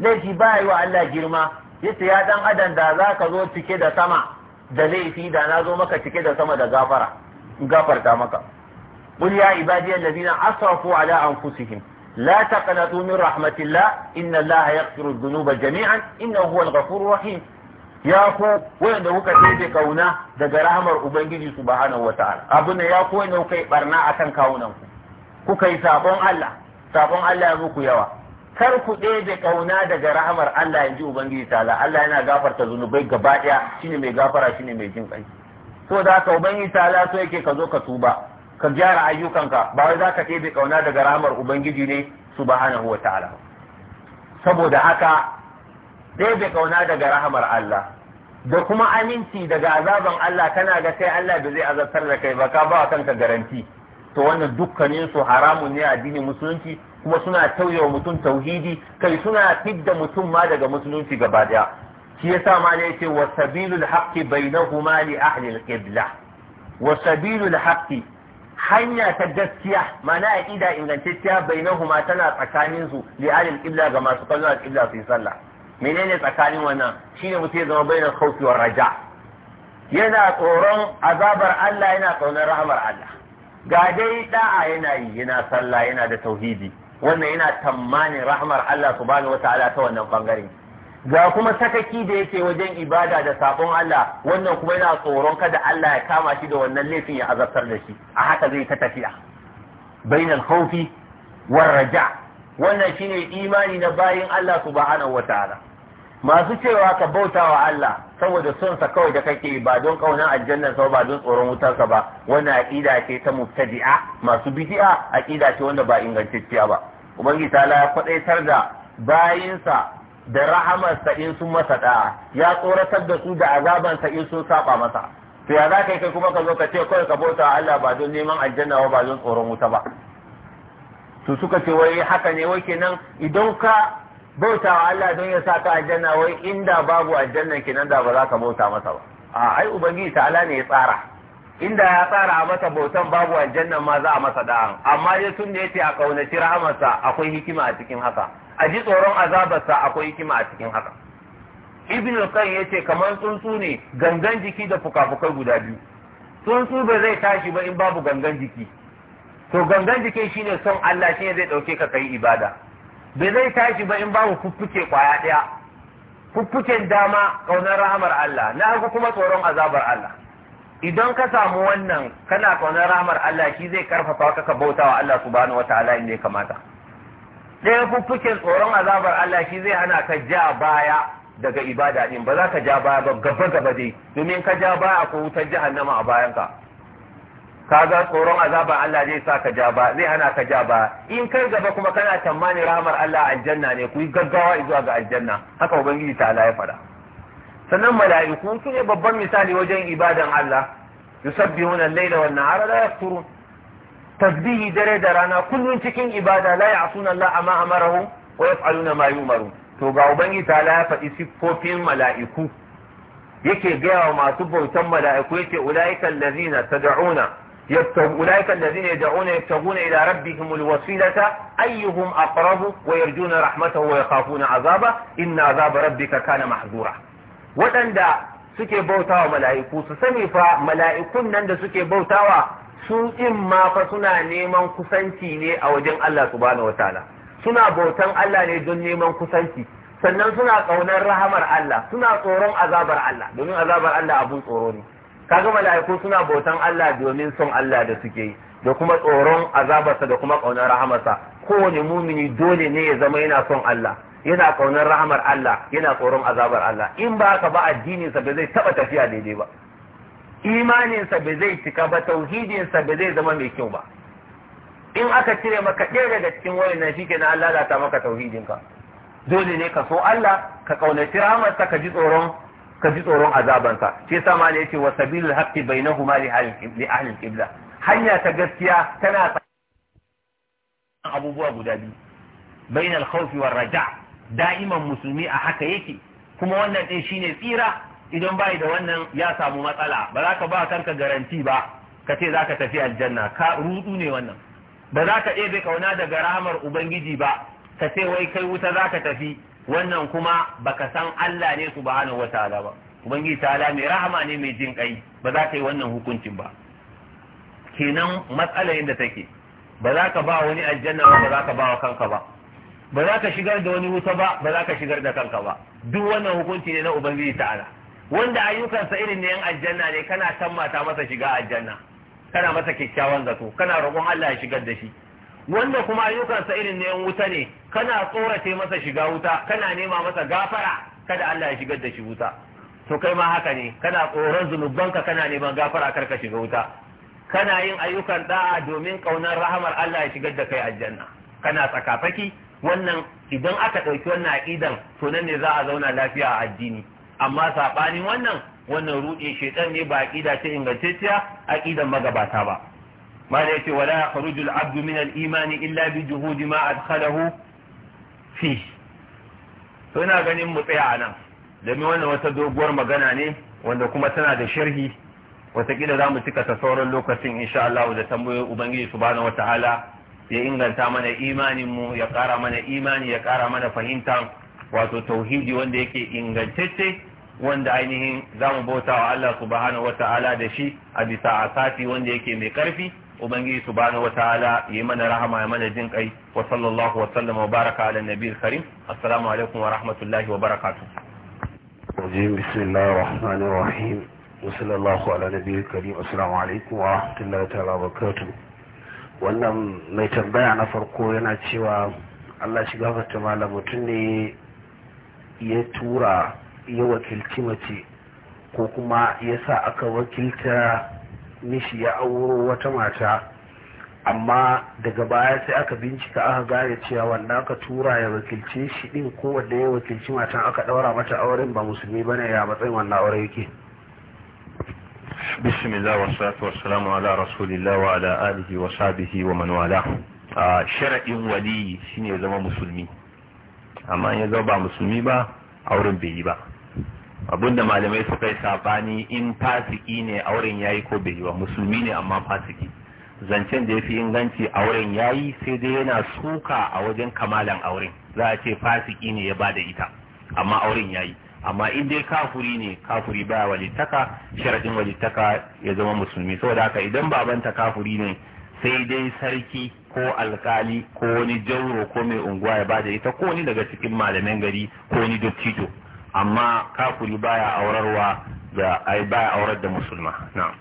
laifi ba yi wa Allah girma yace ya dan adam da zaka zo cike da sama da laifi da na zo maka cike da sama da gafara gafarta maka قل يا عبادي الذين أسرفوا ala أنفسهم لا تقنطوا من رحمة الله إن الله يغفر الذنوب جميعا إنه هو الغفور الرحيم ya ko wanda kuka tsaye kauna daga rahamar ubangiji subhanahu wataala abin ya ko wanda kuka yi barna akan kawunan ku kuka yi sabon Allah sabon Allah ya muku yawa kar ku ɗebe kauna daga rahamar Allah yanzu ubangiji ta'ala Allah yana gafarta zunubai gaba ɗaya shine mai gafara shine mai jin kai so da haka ubangiji ta'ala so yake ka zo ka tuba ka gyara ayyukanka ba wai za ka ɗebe kauna daga rahamar ubangiji ne subhanahu wataala saboda haka ɗebe kauna daga rahamar Allah da kuma aminci daga azaban Allah kana ga kai Allah da zai azabtar da kai ba ka ba kanka garanti to wannan dukkanin su haramun ne a addinin musulunci kuma suna tauye mutum tauhidi kai suna fidda mutum ma daga musulunci gaba daya shi yasa ma ne yace wa sabilul haqqi bainahuma li ahli al-qibla wa haqqi hanya ta gaskiya mana aqida ingantacciya bainahuma tana tsakanin su li ahli al ga masu kallon al-qibla sai sallah menene tsakanin wannan shine mutum ya zama bainar khawfi wa raja yana tsoron azabar Allah yana tsoron rahmar Allah ga dai da'a yana yi yana sallah yana da tauhidi wannan yana tammanin rahmar Allah subhanahu wataala ta wannan bangare ga kuma sakaki da yake wajen ibada da sabon Allah wannan kuma yana tsoron kada Allah ya kama shi da wannan laifin ya azabtar da shi a haka zai ta tafiya bainal khawfi war raja wannan shine imani na bayin Allah subhanahu wataala masu cewa ka bauta wa Allah saboda son sa kawai da kake ba don kaunar aljanna sa ba don tsoron wutar ka ba wannan aqida ce ta mubtadi'a masu bid'a aqida ce wanda ba ingantacciya ba ubangiji ta ya kwadaitar da bayinsa da rahamarsa in sun masa da ya tsoratar da su da azabansa in sun saba masa to ya za ka kai kuma ka zo ka ce kawai ka bauta Allah ba don neman aljanna ba don tsoron wuta ba su suka ce wai haka ne wai kenan idan ka bautawa Allah don ya sa ka aljanna wai inda babu aljannan kenan da ba za ka bauta masa ba a ai ubangiji ta'ala ne ya tsara inda ya tsara a masa bautan babu aljannan ma za a masa da'an amma dai tun da yace a kaunaci rahamarsa akwai hikima a cikin haka a ji tsoron azabarsa akwai hikima a cikin haka ibn al-qayyim yace kamar tsuntsu ne gangan jiki da fukafukai guda biyu tsuntsu ba zai tashi ba in babu gangan jiki to gangan jikin shine son Allah shine zai dauke ka kai ibada bai zai tashi ba in babu fuffuke kwaya ɗaya fuffuken dama kaunar rahamar Allah na hagu kuma tsoron azabar Allah idan ka samu wannan kana kaunar rahamar Allah shi zai karfafa ka ka bauta wa Allah subhanahu wataala inda ya kamata ɗaya fuffuken tsoron azabar Allah shi zai hana ka ja baya daga ibada din ba za ka ja baya ba gaba gaba dai domin ka ja baya ko wutar jahannama a bayan ka. kaga tsoron azaba Allah zai sa ka ja ba zai hana ka ja ba in kai gaba kuma kana tamani rahmar Allah aljanna ne ku yi gaggawa zuwa ga aljanna haka ubangiji ta Allah ya fada sannan mala'iku su ne babban misali wajen ibadan Allah yusabbihuna al-laila wan nahara la tasbihi dare da rana kullun cikin ibada la ya'suna Allah amma amarahu wa yaf'aluna ma yumaru to ga ubangiji ta Allah ya faɗi sifofin mala'iku yake gaya wa masu bautan mala'iku yake ulaika allazina tad'una أولئك الذين يدعون يبتغون إلى ربهم الوسيلة أيهم أقرب ويرجون رحمته ويخافون عذابه إن عذاب ربك كان محذورا waɗanda suke bautawa mala'iku su sani fa mala'ikun nan da suke bautawa su in ma fa suna neman kusanci ne a wajen Allah subhanahu wataala suna bautan Allah ne don neman kusanci sannan suna kaunar rahamar Allah suna tsoron azabar Allah domin azabar Allah abun tsoro ne kaga mala'iku suna bautan Allah domin son Allah da suke yi da kuma tsoron azabarsa da kuma ƙaunar rahamarsa kowane mumini dole ne ya zama yana son Allah yana ƙaunar rahamar Allah yana tsoron azabar Allah in ba haka ba addininsa ba zai taba tafiya daidai ba imaninsa ba zai cika ba tauhidinsa ba zai zama mai kyau ba in aka cire maka ɗaya daga cikin wayannan shike na Allah ta maka tauhidinka dole ne ka so Allah ka ƙaunaci rahamarsa ka ji tsoron ka ji tsoron azabansa shi yasa ma ne yace wa sabilul haqqi bainahuma li ahli al-qibla hanya ta gaskiya tana abubuwa guda biyu bainal khawfi war raja da'iman musulmi a haka yake kuma wannan din shine tsira idan bai da wannan ya samu matsala ba za ka ba kanka garanti ba ka ce za ka tafi aljanna ka rudu ne wannan ba za ka ɗebe kauna daga rahamar ubangiji ba ka ce wai kai wuta za ka tafi wannan kuma baka san Allah ne subhanahu wataala ba ubangiji ta'ala mai rahama ne mai jin kai ba za ka yi wannan hukuncin ba kenan matsalar yadda take ba za ka ba wani aljanna ba ba za ka ba wa kanka ba ba za ka shigar da wani wuta ba ba za ka shigar da kanka ba duk wannan hukunci ne na ubangiji ta'ala wanda ayyukansa irin ne yan aljanna ne kana tammata masa shiga aljanna kana masa kyakkyawan zato kana roƙon Allah ya shigar da shi wanda kuma ayyukan sa irin ne wuta ne kana tsorace masa shiga wuta kana nema masa gafara kada Allah ya shigar da shi wuta to kai ma haka ne kana tsoron zunubanka kana neman gafara kar ka shiga wuta kana yin ayyukan da'a domin kaunar rahamar Allah ya shigar da kai aljanna kana tsakafaki wannan idan aka ɗauki wannan aqidan to nan ne za a zauna lafiya a addini amma saɓanin wannan wannan ruɗe shedan ne ba aqida ce ingantacciya aqidan magabata ba ما يأتي ولا يخرج العبد من الإيمان إلا بجهود ما أدخله فيه هنا غنين مطيعنا wata doguwar magana ne wanda kuma tana da sharhi Wataƙila za mu ta sauran lokacin insha Allah da tambayoyi ubangiji subhanahu ta'ala ya inganta mana imanin mu ya kara mana imani ya kara mana fahimta wato tauhidi wanda yake ingantacce wanda ainihin za mu bauta wa Allah subhanahu wataala da shi a bisa asasi wanda yake mai karfi ubangiji subhanahu wataala yi mana rahama ya mana jin kai wa sallallahu wa sallama wa baraka ala nabiyil karim assalamu alaikum wa rahmatullahi wa barakatuh bismillahir rahmanir rahim wa sallallahu ala nabiyil karim assalamu alaikum wa rahmatullahi ta'ala wa barakatuh wannan mai tambaya na farko yana cewa Allah shi gafarta malam mutum ne ya tura ya wakilci mace ko kuma ya sa aka wakilta mishi ya auro wata mata amma daga baya sai aka bincika aka gane cewa wanda aka tura ya wakilce shi din ko wanda ya wakilci matan aka daura mata auren ba musulmi bane ya matsayin wannan aure yake bismillah wassalatu wassalamu ala rasulillah wa ala alihi wa sahbihi wa man wala shar'in wali shine ya zama musulmi amma ya zama ba musulmi ba auren bai yi ba abinda malamai suka yi sabani in fasiki ne auren yayi ko bai yi ba musulmi ne amma fasiki zancen da ya fi inganci auren yayi sai dai yana suka a wajen kamalan auren za a ce fasiki ne ya ba ita amma auren yayi amma in dai kafuri ne kafuri ba walittaka sharadin walittaka ya zama musulmi saboda haka idan babanta kafuri ne sai dai sarki ko alkali ko wani jauro ko mai unguwa ya bada ita ko wani daga cikin malamin gari ko wani dottijo amma kafuri baya aurarwa da ai baya aurar da musulma na'am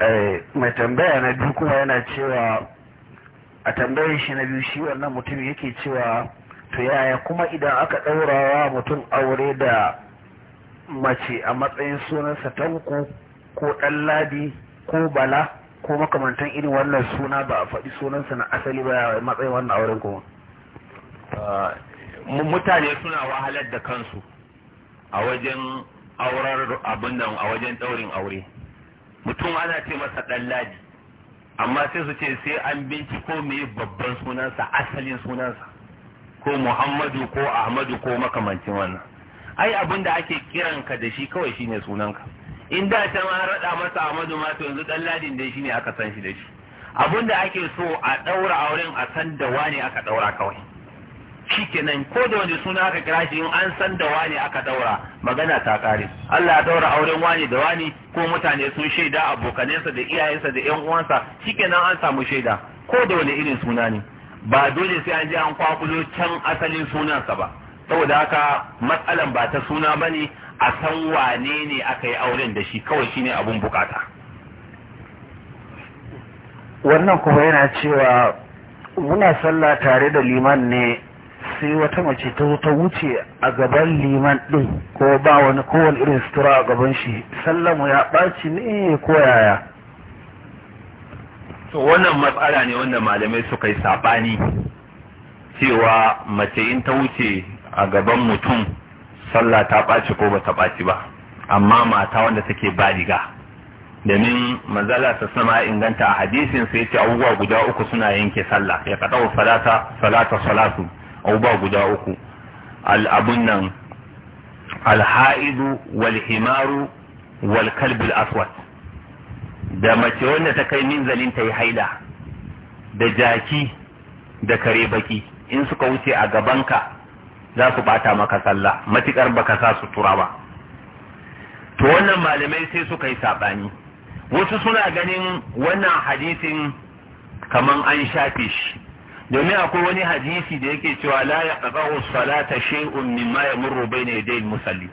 eh, mai tambaya na biyu kuma yana cewa a tambayar shi na biyu shi wannan mutum yake cewa to yaya kuma idan aka ɗaurawa mutum aure da mace a matsayin sunansa tanko ko Ɗanladi ladi ko bala ko makamantan irin wannan suna ba a faɗi sunansa na asali ba ya matsayin wannan auren ko ah, mutane suna wahalar da kansu a wajen aurar abin nan a wajen ɗaurin aure mutum ana ce masa ɗan ladi amma sai su ce sai an binciko me babban sunansa asalin sunansa ko muhammadu ko ahmadu ko makamancin wannan ai abin da ake kiranka da shi kawai shine sunanka in da ta an raɗa masa Ahmadu ma to yanzu dan ladin dai shine aka san shi da shi da ake so a ɗaura auren a san da wane aka ɗaura kawai shikenan ko da wani suna aka kira shi in an san da wane aka ɗaura magana ta kare Allah ya ɗaura auren wane da wane ko mutane sun shaida abokanansa da iyayensa da ƴan uwansa shikenan an samu shaida ko da wani irin suna ne ba dole sai an je an kwakulo can asalin sunansa ba saboda haka matsalan ba ta suna bane a san wane ne aka yi auren da shi kawai shine abun bukata wannan kuma yana cewa muna sallah tare da liman ne sai wata mace ta ta wuce a gaban liman din ko ba wani kowane irin sutura a gaban shi sallamu ya ɓaci ne ko yaya to wannan matsala ne wanda malamai suka yi saɓani cewa mace in ta wuce a gaban mutum sallah ta ɓaci ko ba ta ɓaci ba amma mata wanda take ba riga domin mazala ta sama inganta a hadisin sai ce abubuwa guda uku suna yanke sallah ya kaɗa salata salata salatu abubuwa guda uku al'abun nan alha'idu wal himaru wal kalbil aswad da mace wanda ta kai minzalin ta yi haida. da jaki da kare baki in suka wuce a gabanka za su bata maka sallah matukar baka sa tura ba to wannan malamai sai suka yi saɓani. wasu suna ganin wannan hadisin kaman an shafe shi domin akwai wani hadisi da yake cewa la yaqta'u salata shay'un mimma yamurru bayna yaday musalli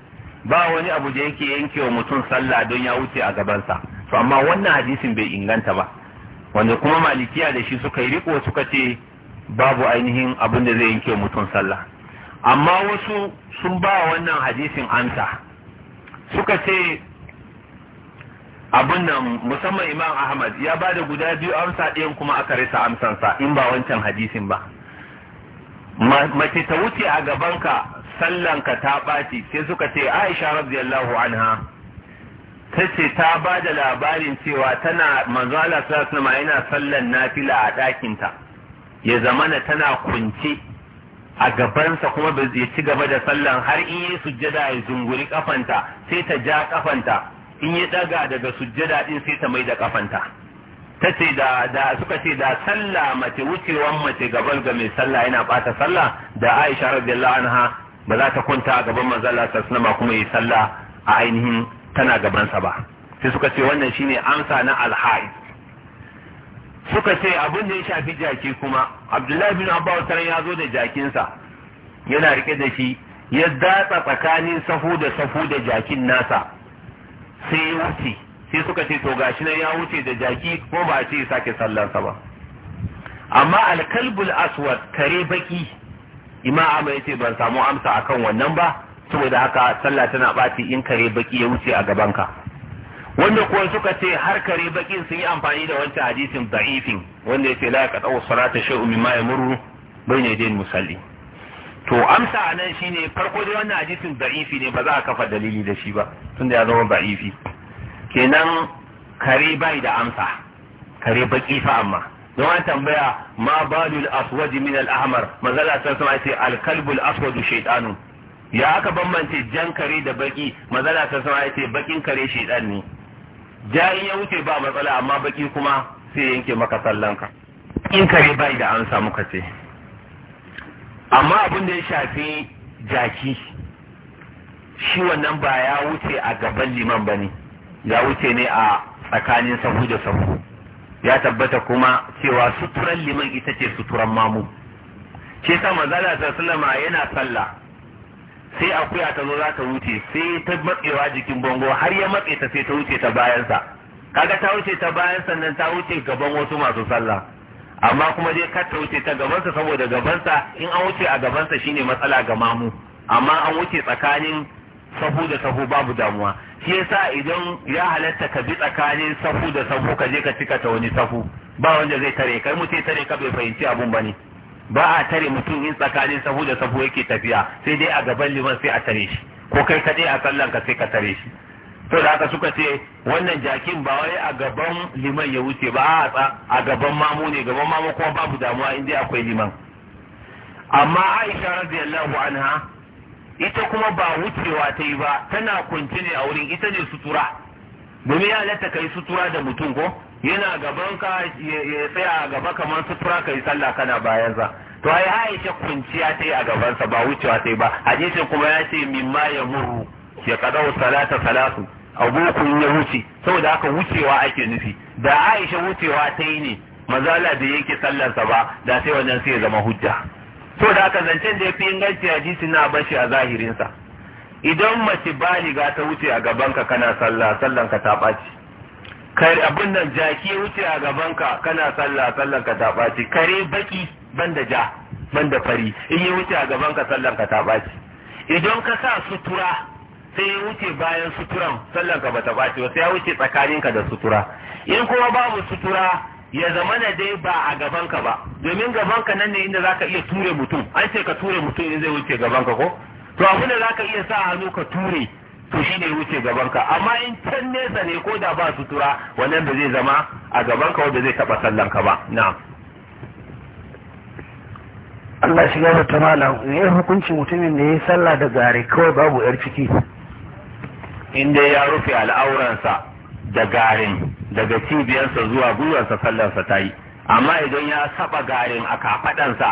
ba wani abu da yake yankewa mutum sallah don ya wuce a gabansa to amma wannan hadisin bai inganta ba wanda kuma malikiya da shi suka yi riko suka ce babu ainihin abin da zai yankewa mutum sallah amma wasu sun ba wannan hadisin ansa suka ce abin nan musamman imam ahmad ya ba da guda biyu amsa ɗayan kuma aka rasa amsansa in ba wancan hadisin ba mace ta wuce a gabanka sallanka ta ɓaci sai suka ce aisha radiyallahu anha ta ce ta ba da labarin cewa tana manzala sallallahu yana sallan nafila a ɗakinta ya zamana tana kunce a gabansa kuma ya ci gaba da sallan har in yi sujjada ya zunguri kafanta sai ta ja kafanta in yi daga daga sujjada din sai ta mai da kafanta ta ce da suka ce da sallah mace wucewan mace gaban ga mai sallah yana bata sallah da Aisha radiyallahu anha ba za ta kwanta a gaban manzon Allah sallallahu kuma yi sallah a ainihin tana gabansa ba sai suka ce wannan shine amsa na alhaid suka ce abin da ya shafi jaki kuma abdullahi bin abba wataran ya zo da jakinsa yana rike da shi ya datsa tsakanin safu da safu da jakin nasa sai ya wuce sai suka ce to gashi nan ya wuce da jaki ko ba a ce ya sake sallarsa ba amma alkalbul aswad kare baki imam amma yace ban samu amsa akan wannan ba saboda haka sallah tana ɓaci in kare baki ya wuce a gabanka wanda kuwa suka ce har kare bakin sun yi amfani da wancan hadisin da'ifin wanda ya ce la ka tsawo salata shay'un mimma yamuru ne yadayn musalli to amsa a nan shine farko dai wannan hadisin da'ifi ne ba za a kafa dalili da shi ba tunda ya zama da'ifi kenan kare bai da amsa kare baki fa amma don an tambaya ma balul aswad min al ahmar manzala sai sama ce al kalbul aswad shaytanu ya aka bambance jan kare da baki manzala sai sama ce bakin kare shaytan ne Jari ya wuce ba matsala amma baki kuma sai yanke maka sallanka in kare bai da an samu kace amma abin da ya shafi jaki shi wannan ba ya wuce a gaban liman ba ne, ya wuce ne a tsakanin sahu da sahu ya tabbata kuma cewa suturan liman ita ce suturan mamu ke sa manzala sallama yana sallah sai akuya ta zo za ta wuce sai ta matsewa jikin bango har ya matse ta sai ta wuce ta bayansa kaga ta wuce ta bayan sannan ta wuce gaban wasu masu sallah amma kuma dai kar ta wuce ta gabansa saboda gabansa in an wuce a gabansa shine matsala ga mamu amma an wuce tsakanin sahu da sahu babu damuwa shi yasa idan ya halatta ka bi tsakanin sahu da sahu ka je ka cika ta wani sahu ba wanda zai tare kai mu mutum tare ka bai fahimci abun ba ne ba a tare mutum in tsakanin sahu da sahu yake tafiya sai dai a gaban liman sai a tare shi ko kai kaɗai a sallan ka sai ka tare shi to da haka suka ce wannan jakin ba wai a gaban liman ya wuce ba a gaban mamu ne gaban mamu kuma babu damuwa in dai akwai liman amma Aisha radiyallahu anha ita kuma ba wucewa ta yi ba tana kunci ne a wurin ita ne sutura domin ya halatta kai sutura da mutum ko yana gaban ka ya tsaya a gaba kamar sutura ka yi sallah kana bayan sa to ai Aisha kunciya ta yi a gaban sa ba wucewa sai ba hadisin kuma ya ce min ma ya muru ya qadau salata salatu abokun ya wuce saboda haka wucewa ake nufi da Aisha wucewa ta yi ne mazala da yake sallarsa ba da sai wannan sai ya zama hujja da haka zancen da ya fi inganci hadisi na bashi a zahirinsa idan mace baliga ta wuce a gaban ka kana sallah sallanka ta ɓaci kai abin nan jaki wuce a gabanka kana sallah sallan ka ta ɓaci kare baki banda ja banda fari in ya wuce a gabanka sallan ka ta ɓaci idan ka sa sutura sai ya wuce bayan suturan sallan ka bata ɓaci ba sai ya wuce tsakaninka da sutura in kuma babu sutura ya zama na dai ba a gabanka ba domin gabanka nan ne inda zaka iya ture mutum an ce ka ture mutum in zai wuce gabanka ko to abin da zaka iya sa hannu ka ture to shi ne wuce gabanka amma in can nesa ne ko da ba sutura wannan da zai zama a gabanka wanda zai taba ka ba na Allah shiga gaba ta mala ne hukuncin mutumin da ya sallah da gare kawai babu yar ciki inda ya rufe al'auransa da garin daga cibiyarsa zuwa gwiwarsa sallarsa ta yi amma idan ya saba garin a kafadansa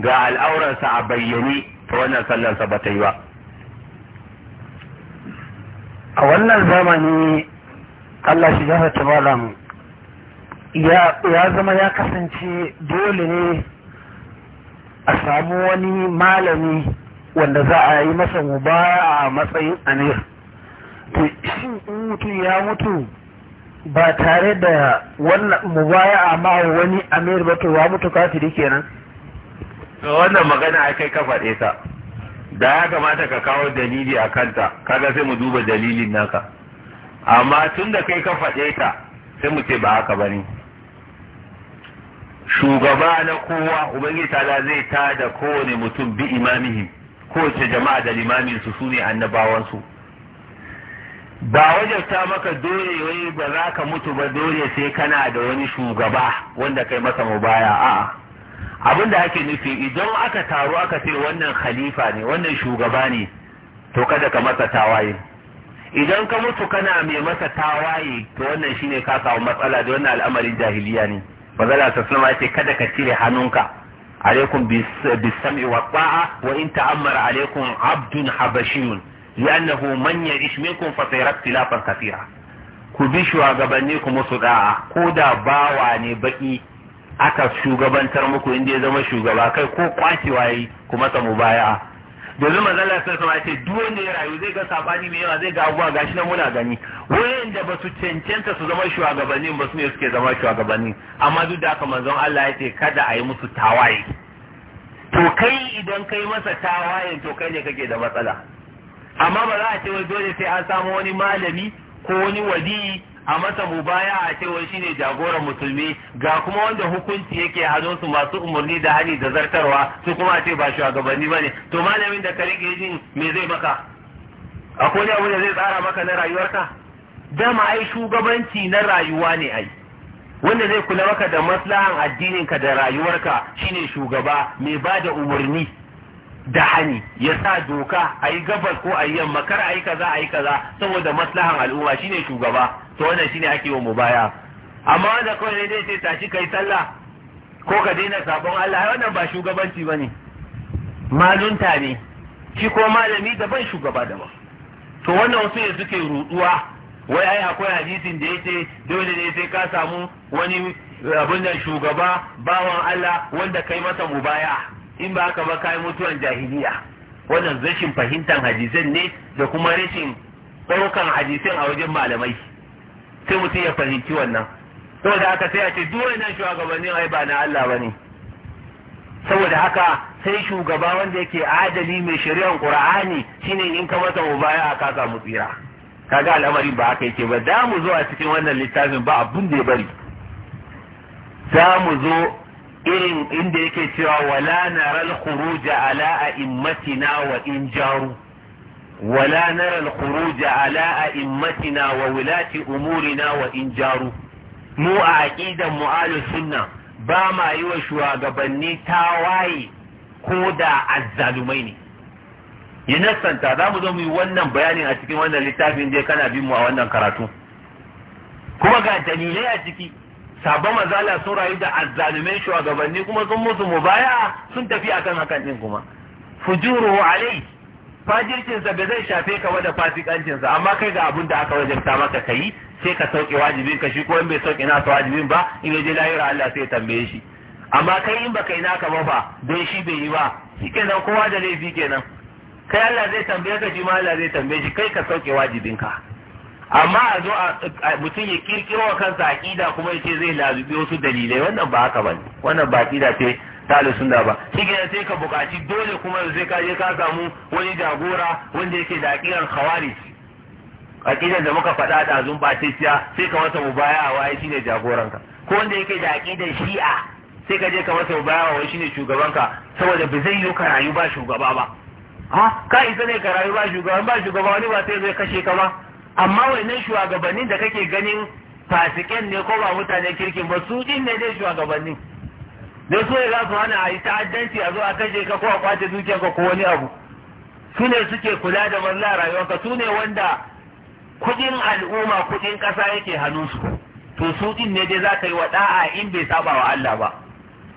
ga al'auransa a bayyane ta wannan sallarsa ba ta yi ba a wannan zamani Allah shi jafa ta ya zama ya kasance dole ne a samu wani malami wanda za a yi masa mubaya a matsayin amir to shi in mutum ya mutu ba tare da wannan mubaya a ma wani amir ba to wa mutu kafiri kenan wannan magana a kai ka faɗe da ya kamata ka kawo dalili a kanta kaga sai mu duba dalilin naka amma tun da kai ka faɗe ta sai mu ce ba haka ba ne shugaba na kowa ubangi tala zai ta da kowane mutum bi imamihim kowace jama'a da limamin su sune annabawansu ba wajabta maka dole wai ba za ka mutu ba dole sai kana da wani shugaba wanda kai masa mu baya? a'a abin da ake nufi idan aka taru aka ce wannan khalifa ne wannan shugaba ne to kada ka masa tawaye idan ka mutu kana mai masa tawaye to wannan shine ka samu matsala da wannan al'amarin jahiliya ne bazala ta sallama ce kada ka cire hannunka alaikum sam'i wa ta'a wa in ta'ammara alaikum abdun habashiyun li'annahu man ya'ish minkum fa sayara ikhtilafan kathira ku bi shugabanni ku musu da'a ko da bawa ne baki aka shugabantar muku inda ya zama shugaba kai ko kwacewa yi kuma ta baya. domin manzala sai kuma ce duk wanda ya rayu zai ga sabani mai yawa zai ga abuwa gashi na muna gani wayanda ba su cancanta su zama shugabannin ba su ne suke zama shugabanni amma duk da haka manzon Allah ya ce kada a yi musu tawaye to kai idan kai masa tawayen to kai ne kake da matsala amma ba za a ce wai dole sai an samu wani malami ko wani wadi a masa mubaya a cewa shi ne jagoran musulmi ga kuma wanda hukunci yake hannunsu masu umarni da hani da zartarwa su kuma ce ba shugabanni ba ne to malamin da ka rike jin me zai maka akwai ne abu da zai tsara maka na rayuwarka dama ai shugabanci na rayuwa ne ai wanda zai kula maka da maslahan addininka da rayuwarka shine shugaba mai ba da umarni da hani ya sa doka a yi gabas ko a yi yamma kar a yi kaza a yi kaza saboda maslahan al'umma shine shugaba to wannan shine ake wa mu baya. amma wanda kawai ne dai sai tashi kai sallah ko ka daina sabon Allah wannan ba shugabanci bane malunta ne shi ko malami daban shugaba daban to wannan wasu ne suke ruduwa wai ai akwai hadisin da yace dole ne sai ka samu wani abin da shugaba bawan Allah wanda kai masa mubaya in ba haka ba kai mutuwan jahiliya wannan rashin fahimtar hadisan ne da kuma rashin ɗaukan hadisan a wajen malamai sai mutum ya fahimci wannan saboda haka sai a ce duk wannan shugabannin ai ba na Allah bane saboda haka sai shugaba wanda yake adali mai shari'ar qur'ani shine in ka mata mubaya ka mu tsira kaga al'amari ba haka yake ba da mu zo a cikin wannan littafin ba abun da ya bari za mu zo irin inda yake cewa wala naral khuruja ala a'immatina wa in jaru wala naral khuruja ala a'immatina wa wulati umurina wa in jaru mu a aqidan mu sunna ba ma yi wa shugabanni tawaye ko da azzalumai ne yi nasanta za mu zo mu yi wannan bayanin a cikin wannan littafin da kana bin mu a wannan karatu kuma ga dalilai a ciki sabon mazala sun rayu da azzalumin shugabanni kuma sun musu mubaya sun tafi akan hakan din kuma fujuru alai fajircinsa bai zai shafe ka da fasikancinsa amma kai ga abin da aka wajabta maka kai sai ka sauke wajibin ka shi ko in bai sauke nasa wajibin ba in yaje lahira Allah sai tambaye shi amma kai in baka yi naka ba ba don shi bai yi ba shikenan kowa da laifi kenan kai Allah zai tambaye ka shi ma Allah zai tambaye shi kai ka sauke wajibin ka amma a zo a mutum ya kirkiro wa kansa aqida kuma yace zai lazubi wasu dalilai wannan ba haka bane wannan ba aqida ce ta sunna ba shi sai ka buƙaci dole kuma sai ka je ka samu wani jagora wanda yake da aqidan khawarij aqidan da muka faɗa da azun ba sai ka masa a wai shine jagoranka ko wanda yake da aqidan shi'a sai ka je ka masa a wai shine shugabanka saboda ba zai yi ka rayu ba shugaba ba ha ka isa ne ka rayu ba shugaba ba shugaba wani ba sai zai kashe ka ba amma wannan shugabannin da kake ganin fasiken ne ko ba mutane kirkin ba su din ne dai shugabannin da su ne za su hana a yi ta'addanci a zo a kashe ka ko a kwace dukiyarka ko wani abu su ne suke kula da rayuwar ka? su ne wanda kudin al'umma kudin kasa yake hannun su to su din ne dai za ka yi wa da'a in bai saba wa Allah ba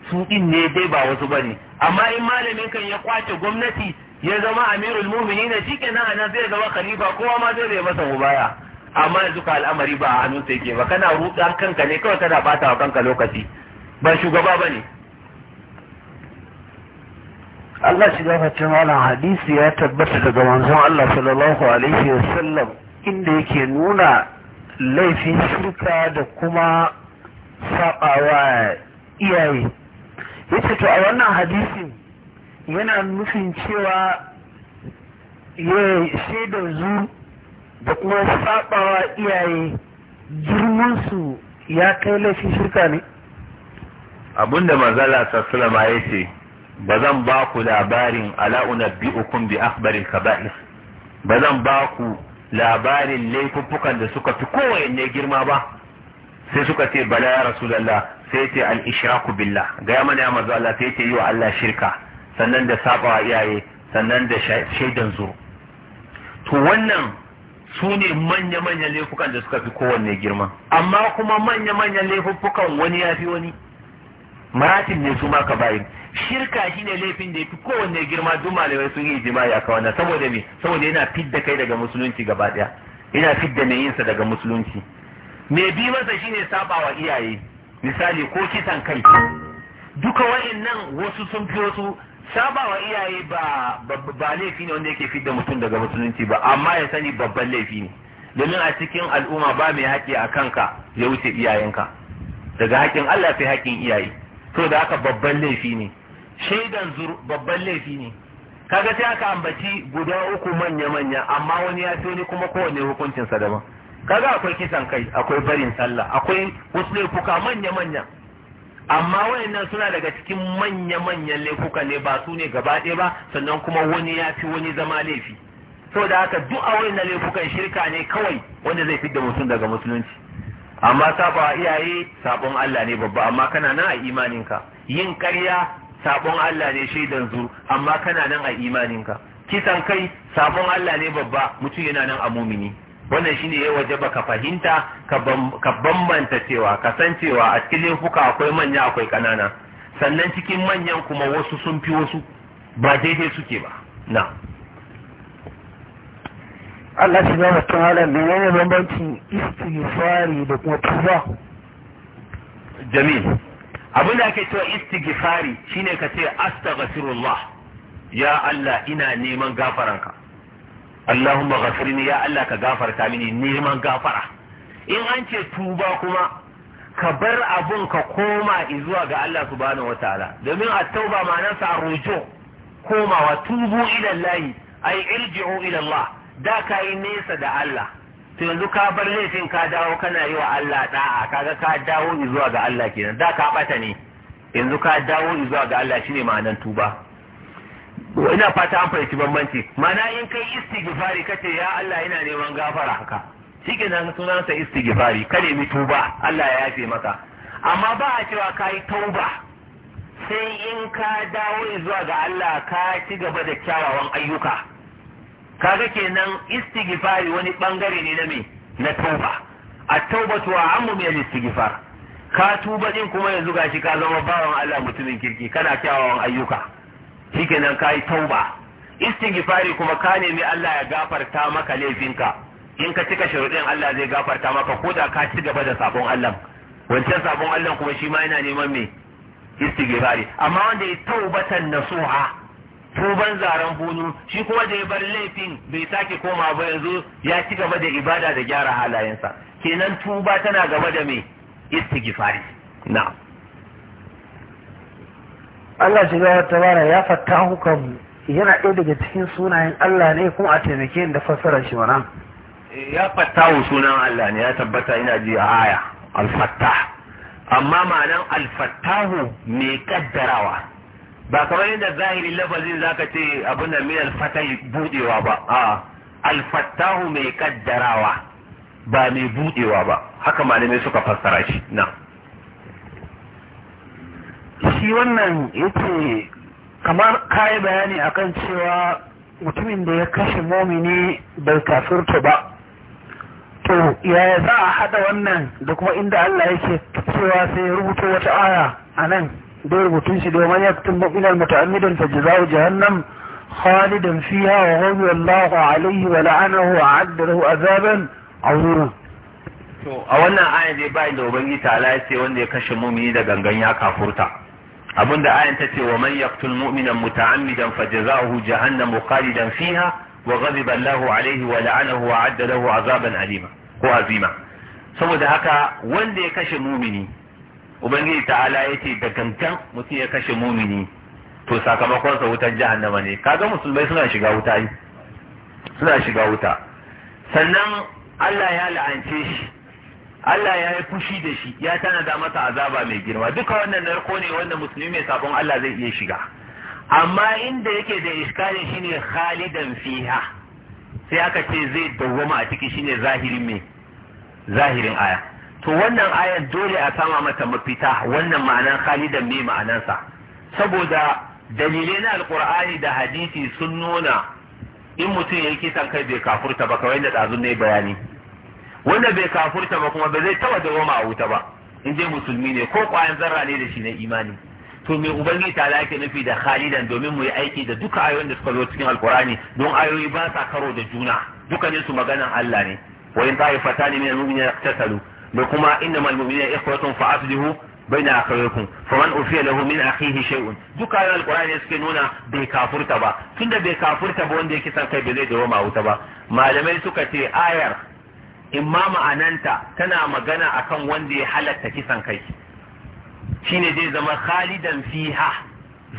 su din ne dai ba wasu bane amma in malamin kan ya kwace gwamnati ya zama amirul mumini na shi kenan anan zai zama khalifa kowa ma zai zai masa mubaya amma yanzu ka al'amari ba a hannun sai ke ba kana rudan kanka ne kawai kana bata wa kanka lokaci ba shugaba ba ne Allah shi gafarta malam hadisi ya tabbata daga manzon Allah sallallahu alaihi wasallam inda yake nuna laifin shirka da kuma sabawa iyaye yace to a wannan hadisin yana nufin cewa ya shaidar zu da kuma sabawa iyaye girmansu ya kai laifin shirka ne abinda manzala sassulama ya ce ba zan ba ku labarin ala'unar bi'ukun bi akbarin kaba'is ba zan ba ku labarin laifuffukan da suka fi kowanne girma ba sai suka ce bala ya rasu sai ce al-ishraku billah ga ya mana ya manzo sai ce yi wa Allah shirka sannan da sabawa iyaye sannan da shaidan zo to wannan su ne manya-manyan laifukan da suka fi kowanne girma amma kuma manya-manyan laifukan wani ya fi wani maratin ne su maka bayin shirka shine laifin da ya fi kowanne girma duk malamai sun yi jima ya kawana saboda me saboda yana fidda kai daga musulunci gaba daya yana fidda mai yinsa daga musulunci mai bi masa shine sabawa iyaye misali ko kisan kai duka wa'annan wasu sun fi wasu Sabawa iyaye ba ba laifi ne wanda yake fidda mutum daga musulunci ba amma ya sani babban laifi ne domin a cikin al'umma ba mai haƙƙi a kanka ya wuce iyayenka daga haƙƙin Allah fi haƙƙin iyaye to da haka babban laifi ne shaidan zur babban laifi ne kaga sai aka ambaci guda uku manya manya amma wani ya fi wani kuma kowane hukuncin sa daban kaga akwai kisan kai akwai barin sallah akwai wasu laifuka manya manya amma wayannan suna daga cikin manya-manyan laifuka ne ba su ne gaba ɗaya ba sannan kuma wani ya fi wani zama laifi saboda haka duk a wayannan laifukan shirka ne kawai wanda zai fidda mutum daga musulunci amma saba iyaye sabon Allah ne babba amma kana nan a imaninka yin ƙarya sabon Allah ne shaidan zu amma kana nan a imaninka kisan kai sabon Allah ne babba mutum yana nan a mumini wannan shine ya waje ka fahimta ka bambanta cewa kasancewa a cikin laifuka akwai manya akwai kanana sannan cikin manyan kuma wasu sun fi wasu ba daidai suke ba na Allah shi halar da menene bambancin istighfari da kuma tuba jamil abin da ake cewa istighfari shine ka ce astaghfirullah ya Allah ina neman gafaranka Allahumma ghafirni ya Allah ka gafarta mini neman gafara in an ce tuba kuma ka bar abun ka koma zuwa ga Allah subhanahu wataala domin at-tauba ma'anarsa koma komawa tubu ila Allah ay irji'u ila Allah da kayi nesa da Allah to yanzu ka bar laifin ka dawo kana yi wa Allah da'a kaga ka dawo zuwa ga Allah kenan da ka bata ne yanzu ka dawo zuwa ga Allah shine ma'anan tuba ina fata an fahimci bambanci mana in kai istighfari kace ya Allah ina neman gafara haka nan sunan sa istighfari ka nemi tuba Allah ya yafe maka amma ba a cewa kai tauba sai in ka dawo zuwa ga Allah ka ci gaba da kyawawan ayyuka kaga kenan istighfari wani bangare ne na me na tauba at-taubatu ammu ya istighfar ka tuba din kuma yanzu gashi ka zama bawan Allah mutumin kirki kana kyawawan ayyuka shikenan kai tauba istighfari kuma ka nemi Allah ya gafarta maka laifinka in ka cika shuruɗin Allah zai gafarta maka ko da ka ci gaba da sabon Allah wancan sabon Allah kuma shi ma yana neman me istighfari amma wanda ya taubatan nasuha tuban zaren bunu shi kuma da ya bar laifin bai sake koma ba yanzu ya ci gaba da ibada da gyara halayensa kenan tuba tana gaba da me istighfari na'am Allah shiga ya tabara ya fatta hukan yana ɗaya daga cikin sunayen Allah ne kuma a taimake da fassarar shi eh, wa nan. ya fattahu sunan Allah ne ya tabbata ina ji a haya alfatta amma ma'anan alfattahu mai kaddarawa ba kamar yadda zahirin lafazin ka ce abin da min alfatai budewa ba alfattahu mai kaddarawa ba mai budewa ba haka malamai suka fassara shi na shi wannan yake kamar kayi bayani akan cewa mutumin da ya kashe momini bai kafirta ba to yaya za a hada wannan da kuma inda Allah yake cewa sai ya rubuta wata aya a nan da rubutun shi domin ya fitin mu'minan muta'ammidan fa jazaa'u jahannam khalidan fiha wa ghadiya Allahu alayhi wa la'anahu wa adda lahu azaban to a wannan aya dai bai da ubangi ta Allah sai wanda ya kashe mu'mini da gangan ya kafurta da ayan ta ce wa man yaqtul mu'mina muta'ammidan fajaza'uhu jahannamu khalidan fiha wa ghadiba Allahu alaihi wa la'anahu wa adda lahu azaban alima ko azima saboda haka wanda ya kashe mumini ubangiji ta'ala yace da gangan mutum ya kashe mumini to sakamakon sa wutar jahannama ne kaga musulmai suna shiga wuta suna shiga wuta sannan Allah ya la'ance shi Allah ya yi fushi da shi ya tanada masa azaba mai girma duka wannan narko ne wanda musulmi mai sabon Allah zai iya shiga amma inda yake da iskali shine khalidan fiha sai aka ce zai dawwama a ciki shine zahirin mai zahirin aya to wannan aya dole a sama mata mafita wannan ma'anan khalidan mai ma'anansa saboda dalilai na alkur'ani da hadisi sun nuna in mutum ya yi kisan kai bai kafurta ba kawai da dazun ne bayani wanda bai kafurta ba kuma ba zai taba dawoma a wuta ba in dai musulmi ne ko kwayan zarra ne da shi na imani to me ubangiji ta yake nufi da khalidan domin mu yi aiki da duka ayoyin da suka zo cikin alkurani don ayoyi ba sa karo da juna ne su maganan Allah ne wa in ta'ifatani min al-mu'minina iqtasalu da kuma innamal mu'minina ikhwatun fa aslihu بين أخويكم فمن أوفي له من أخيه شيء duka ayoyin alkurani suke nuna bai kafurta ba tunda bai kafurta ba wanda yake san kai bai zai dawo ma wuta ba malamai suka ce ayar imma ma'ananta tana magana akan wanda ya halatta kisan kai shine zai zama khalidan fiha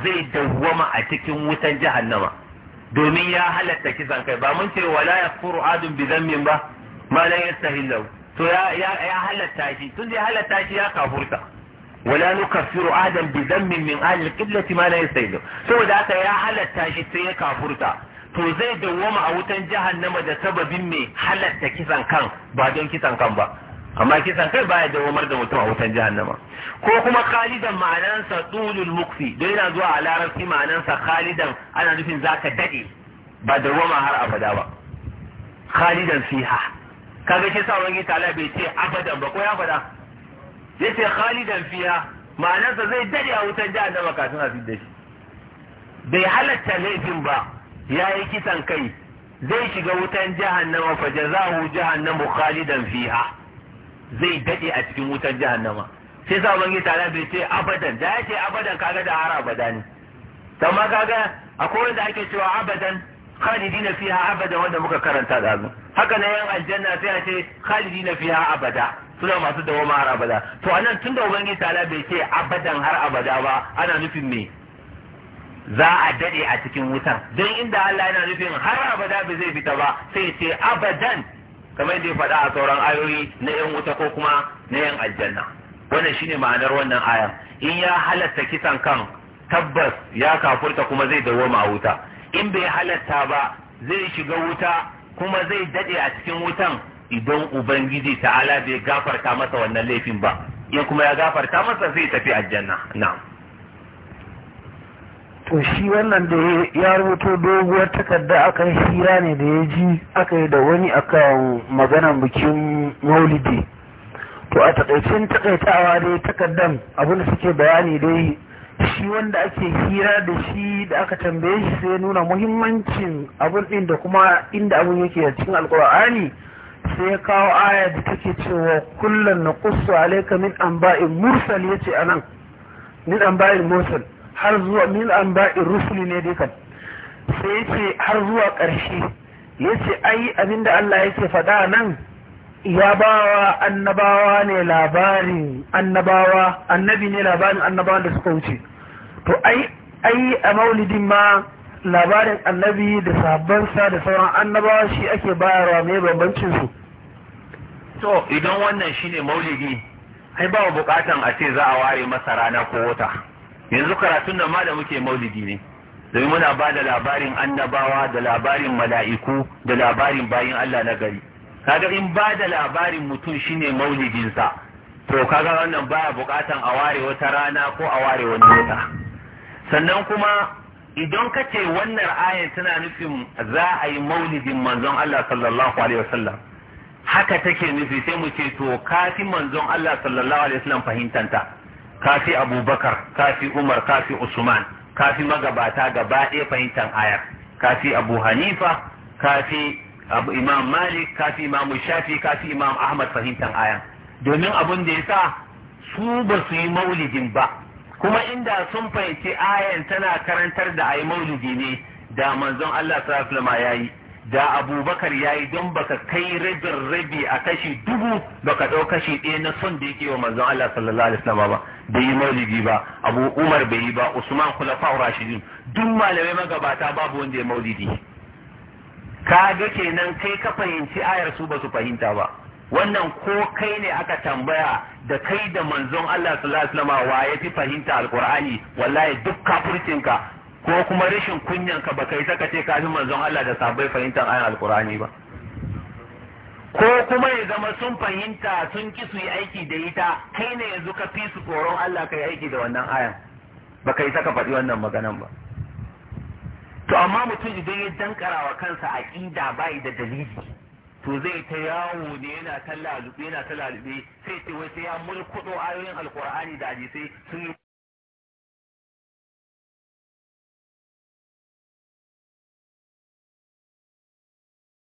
zai dawwama a cikin wutan jahannama domin ya halatta kisan kai ba mun ce wala yakfuru adun bi dhanbin ba ma lan yastahillu to ya ya halatta shi tun da ya halatta shi ya kafurta wala nukaffiru adan bi dhanbin min ahli qiblati ma la yastahillu saboda haka ya halatta shi sai ya kafurta to zai dawwama a wutan jahannama da sababin mai halatta kisan kan ba don kisan kan ba amma kisan kai baya dawamar da mutum a wutan jahannama ko kuma khalidan ma'anansa tulul mukfi don yana zuwa a larabci ma'anansa khalidan ana nufin zaka dade ba dawama har abada ba khalidan fiha kaga ke sa wani tala bai ce abadan ba ko ya fada yace khalidan fiha ma'anansa zai dade a wutan jahannama kafin a fidda shi bai halatta laifin ba ya yi kisan kai zai shiga wutan jahannama fa jazahu jahannamu khalidan fiha zai dade a cikin wutan jahannama sai sa ubangi tare bai ce abadan da ya abadan kaga da har abada ne amma kaga akwai wanda ake cewa abadan khalidina fiha abada wanda muka karanta da su haka na yan aljanna sai a ce khalidina fiha abada suna masu ma har abada to anan tunda ubangi tare bai ce abadan har abada ba ana nufin me za a dade a cikin wutan don inda Allah yana nufin har abada ba zai fita ba sai ce abadan kamar da ya faɗa a sauran ayoyi na yan wuta ko kuma na yan aljanna wannan shine ma'anar wannan ayan in ya halatta kisan kan tabbas ya kafurta kuma zai dawo a wuta in bai halatta ba zai shiga wuta kuma zai dade a cikin wutan idan ubangiji ta'ala bai gafarta masa wannan laifin ba in kuma ya gafarta masa zai tafi aljanna na'am to shi wannan da ya rubuto doguwar takarda akan hira ne da ya ji aka yi da wani akan maganan bikin maulidi to a takaicin takaitawa dai takardan abin da suke bayani dai shi wanda ake hira da shi da aka tambaye shi sai nuna muhimmancin abin din da kuma inda abin yake a cikin alkur'ani sai ya kawo aya da take cewa kullum na kusa alaika min ba'in mursal yace anan min ba'in mursal har zuwa min an ba'in rusuli ne dukan sai yace har zuwa ƙarshe yace ai abinda Allah yake faɗa nan ya bawa annabawa ne labarin annabawa annabi ne labarin annabawa da suka wuce to ai a maulidin ma labarin annabi da sabansa da sauran annabawa shi ake bayarwa mai bambancin su to idan wannan shine maulidi ai ba bukatan a ce za a ware masa rana ko wata yanzu karatun nan ma da muke maulidi ne domin muna ba da labarin annabawa da labarin mala'iku da labarin bayin Allah na gari kaga in ba da labarin mutum shine maulidinsa to kaga wannan baya bukatan a ware wata rana ko a ware wani wata sannan kuma idan ka wannan ayan tana nufin za a yi maulidin manzon Allah sallallahu alaihi wasallam haka take nufi sai mu ce to kafi manzon Allah sallallahu alaihi wasallam fahimtanta kafi abubakar kafi umar kafi usman kafi magabata gaba ɗaya fahimtar ayar kafi abu hanifa kafi abu imam malik kafi imam shafi kafi imam ahmad fahimtar ayar domin abun da ya sa su ba su yi maulidin ba kuma inda sun fahimci ayan tana karantar da a yi maulidi ne da manzon allah sallallahu ya yi da abubakar ya yi don baka kai rabin rabi a kashi dubu baka ɗau kashi ɗaya na son da yake wa manzon allah sallallahu alaihi wasallam ba bai yi maulidi ba abu umar bai yi ba usman khulafa rashidin duk malamai magabata babu wanda ya maulidi ka ga kenan kai ka fahimci ayar su ba su fahimta ba wannan ko kai ne aka tambaya da kai da manzon Allah sallallahu alaihi wa ya fi fahimta alqur'ani wallahi duk kafircinka ko kuma rashin kunyanka ba kai saka ce kafin manzon Allah da sabai fahimtar ayar alqur'ani ba ko kuma ya zama sun fahimta sun ki su yi aiki da ita kai ne yanzu ka fi su tsoron Allah ka yi aiki da wannan ayan ba ka yi saka faɗi wannan maganan ba to amma mutum idan ya dankara wa kansa aƙida bai da dalili to zai ta yawo ne yana ta lalube yana ta lalube sai ce wai sai ya mulkudo ayoyin alkur'ani da hadisai sun yi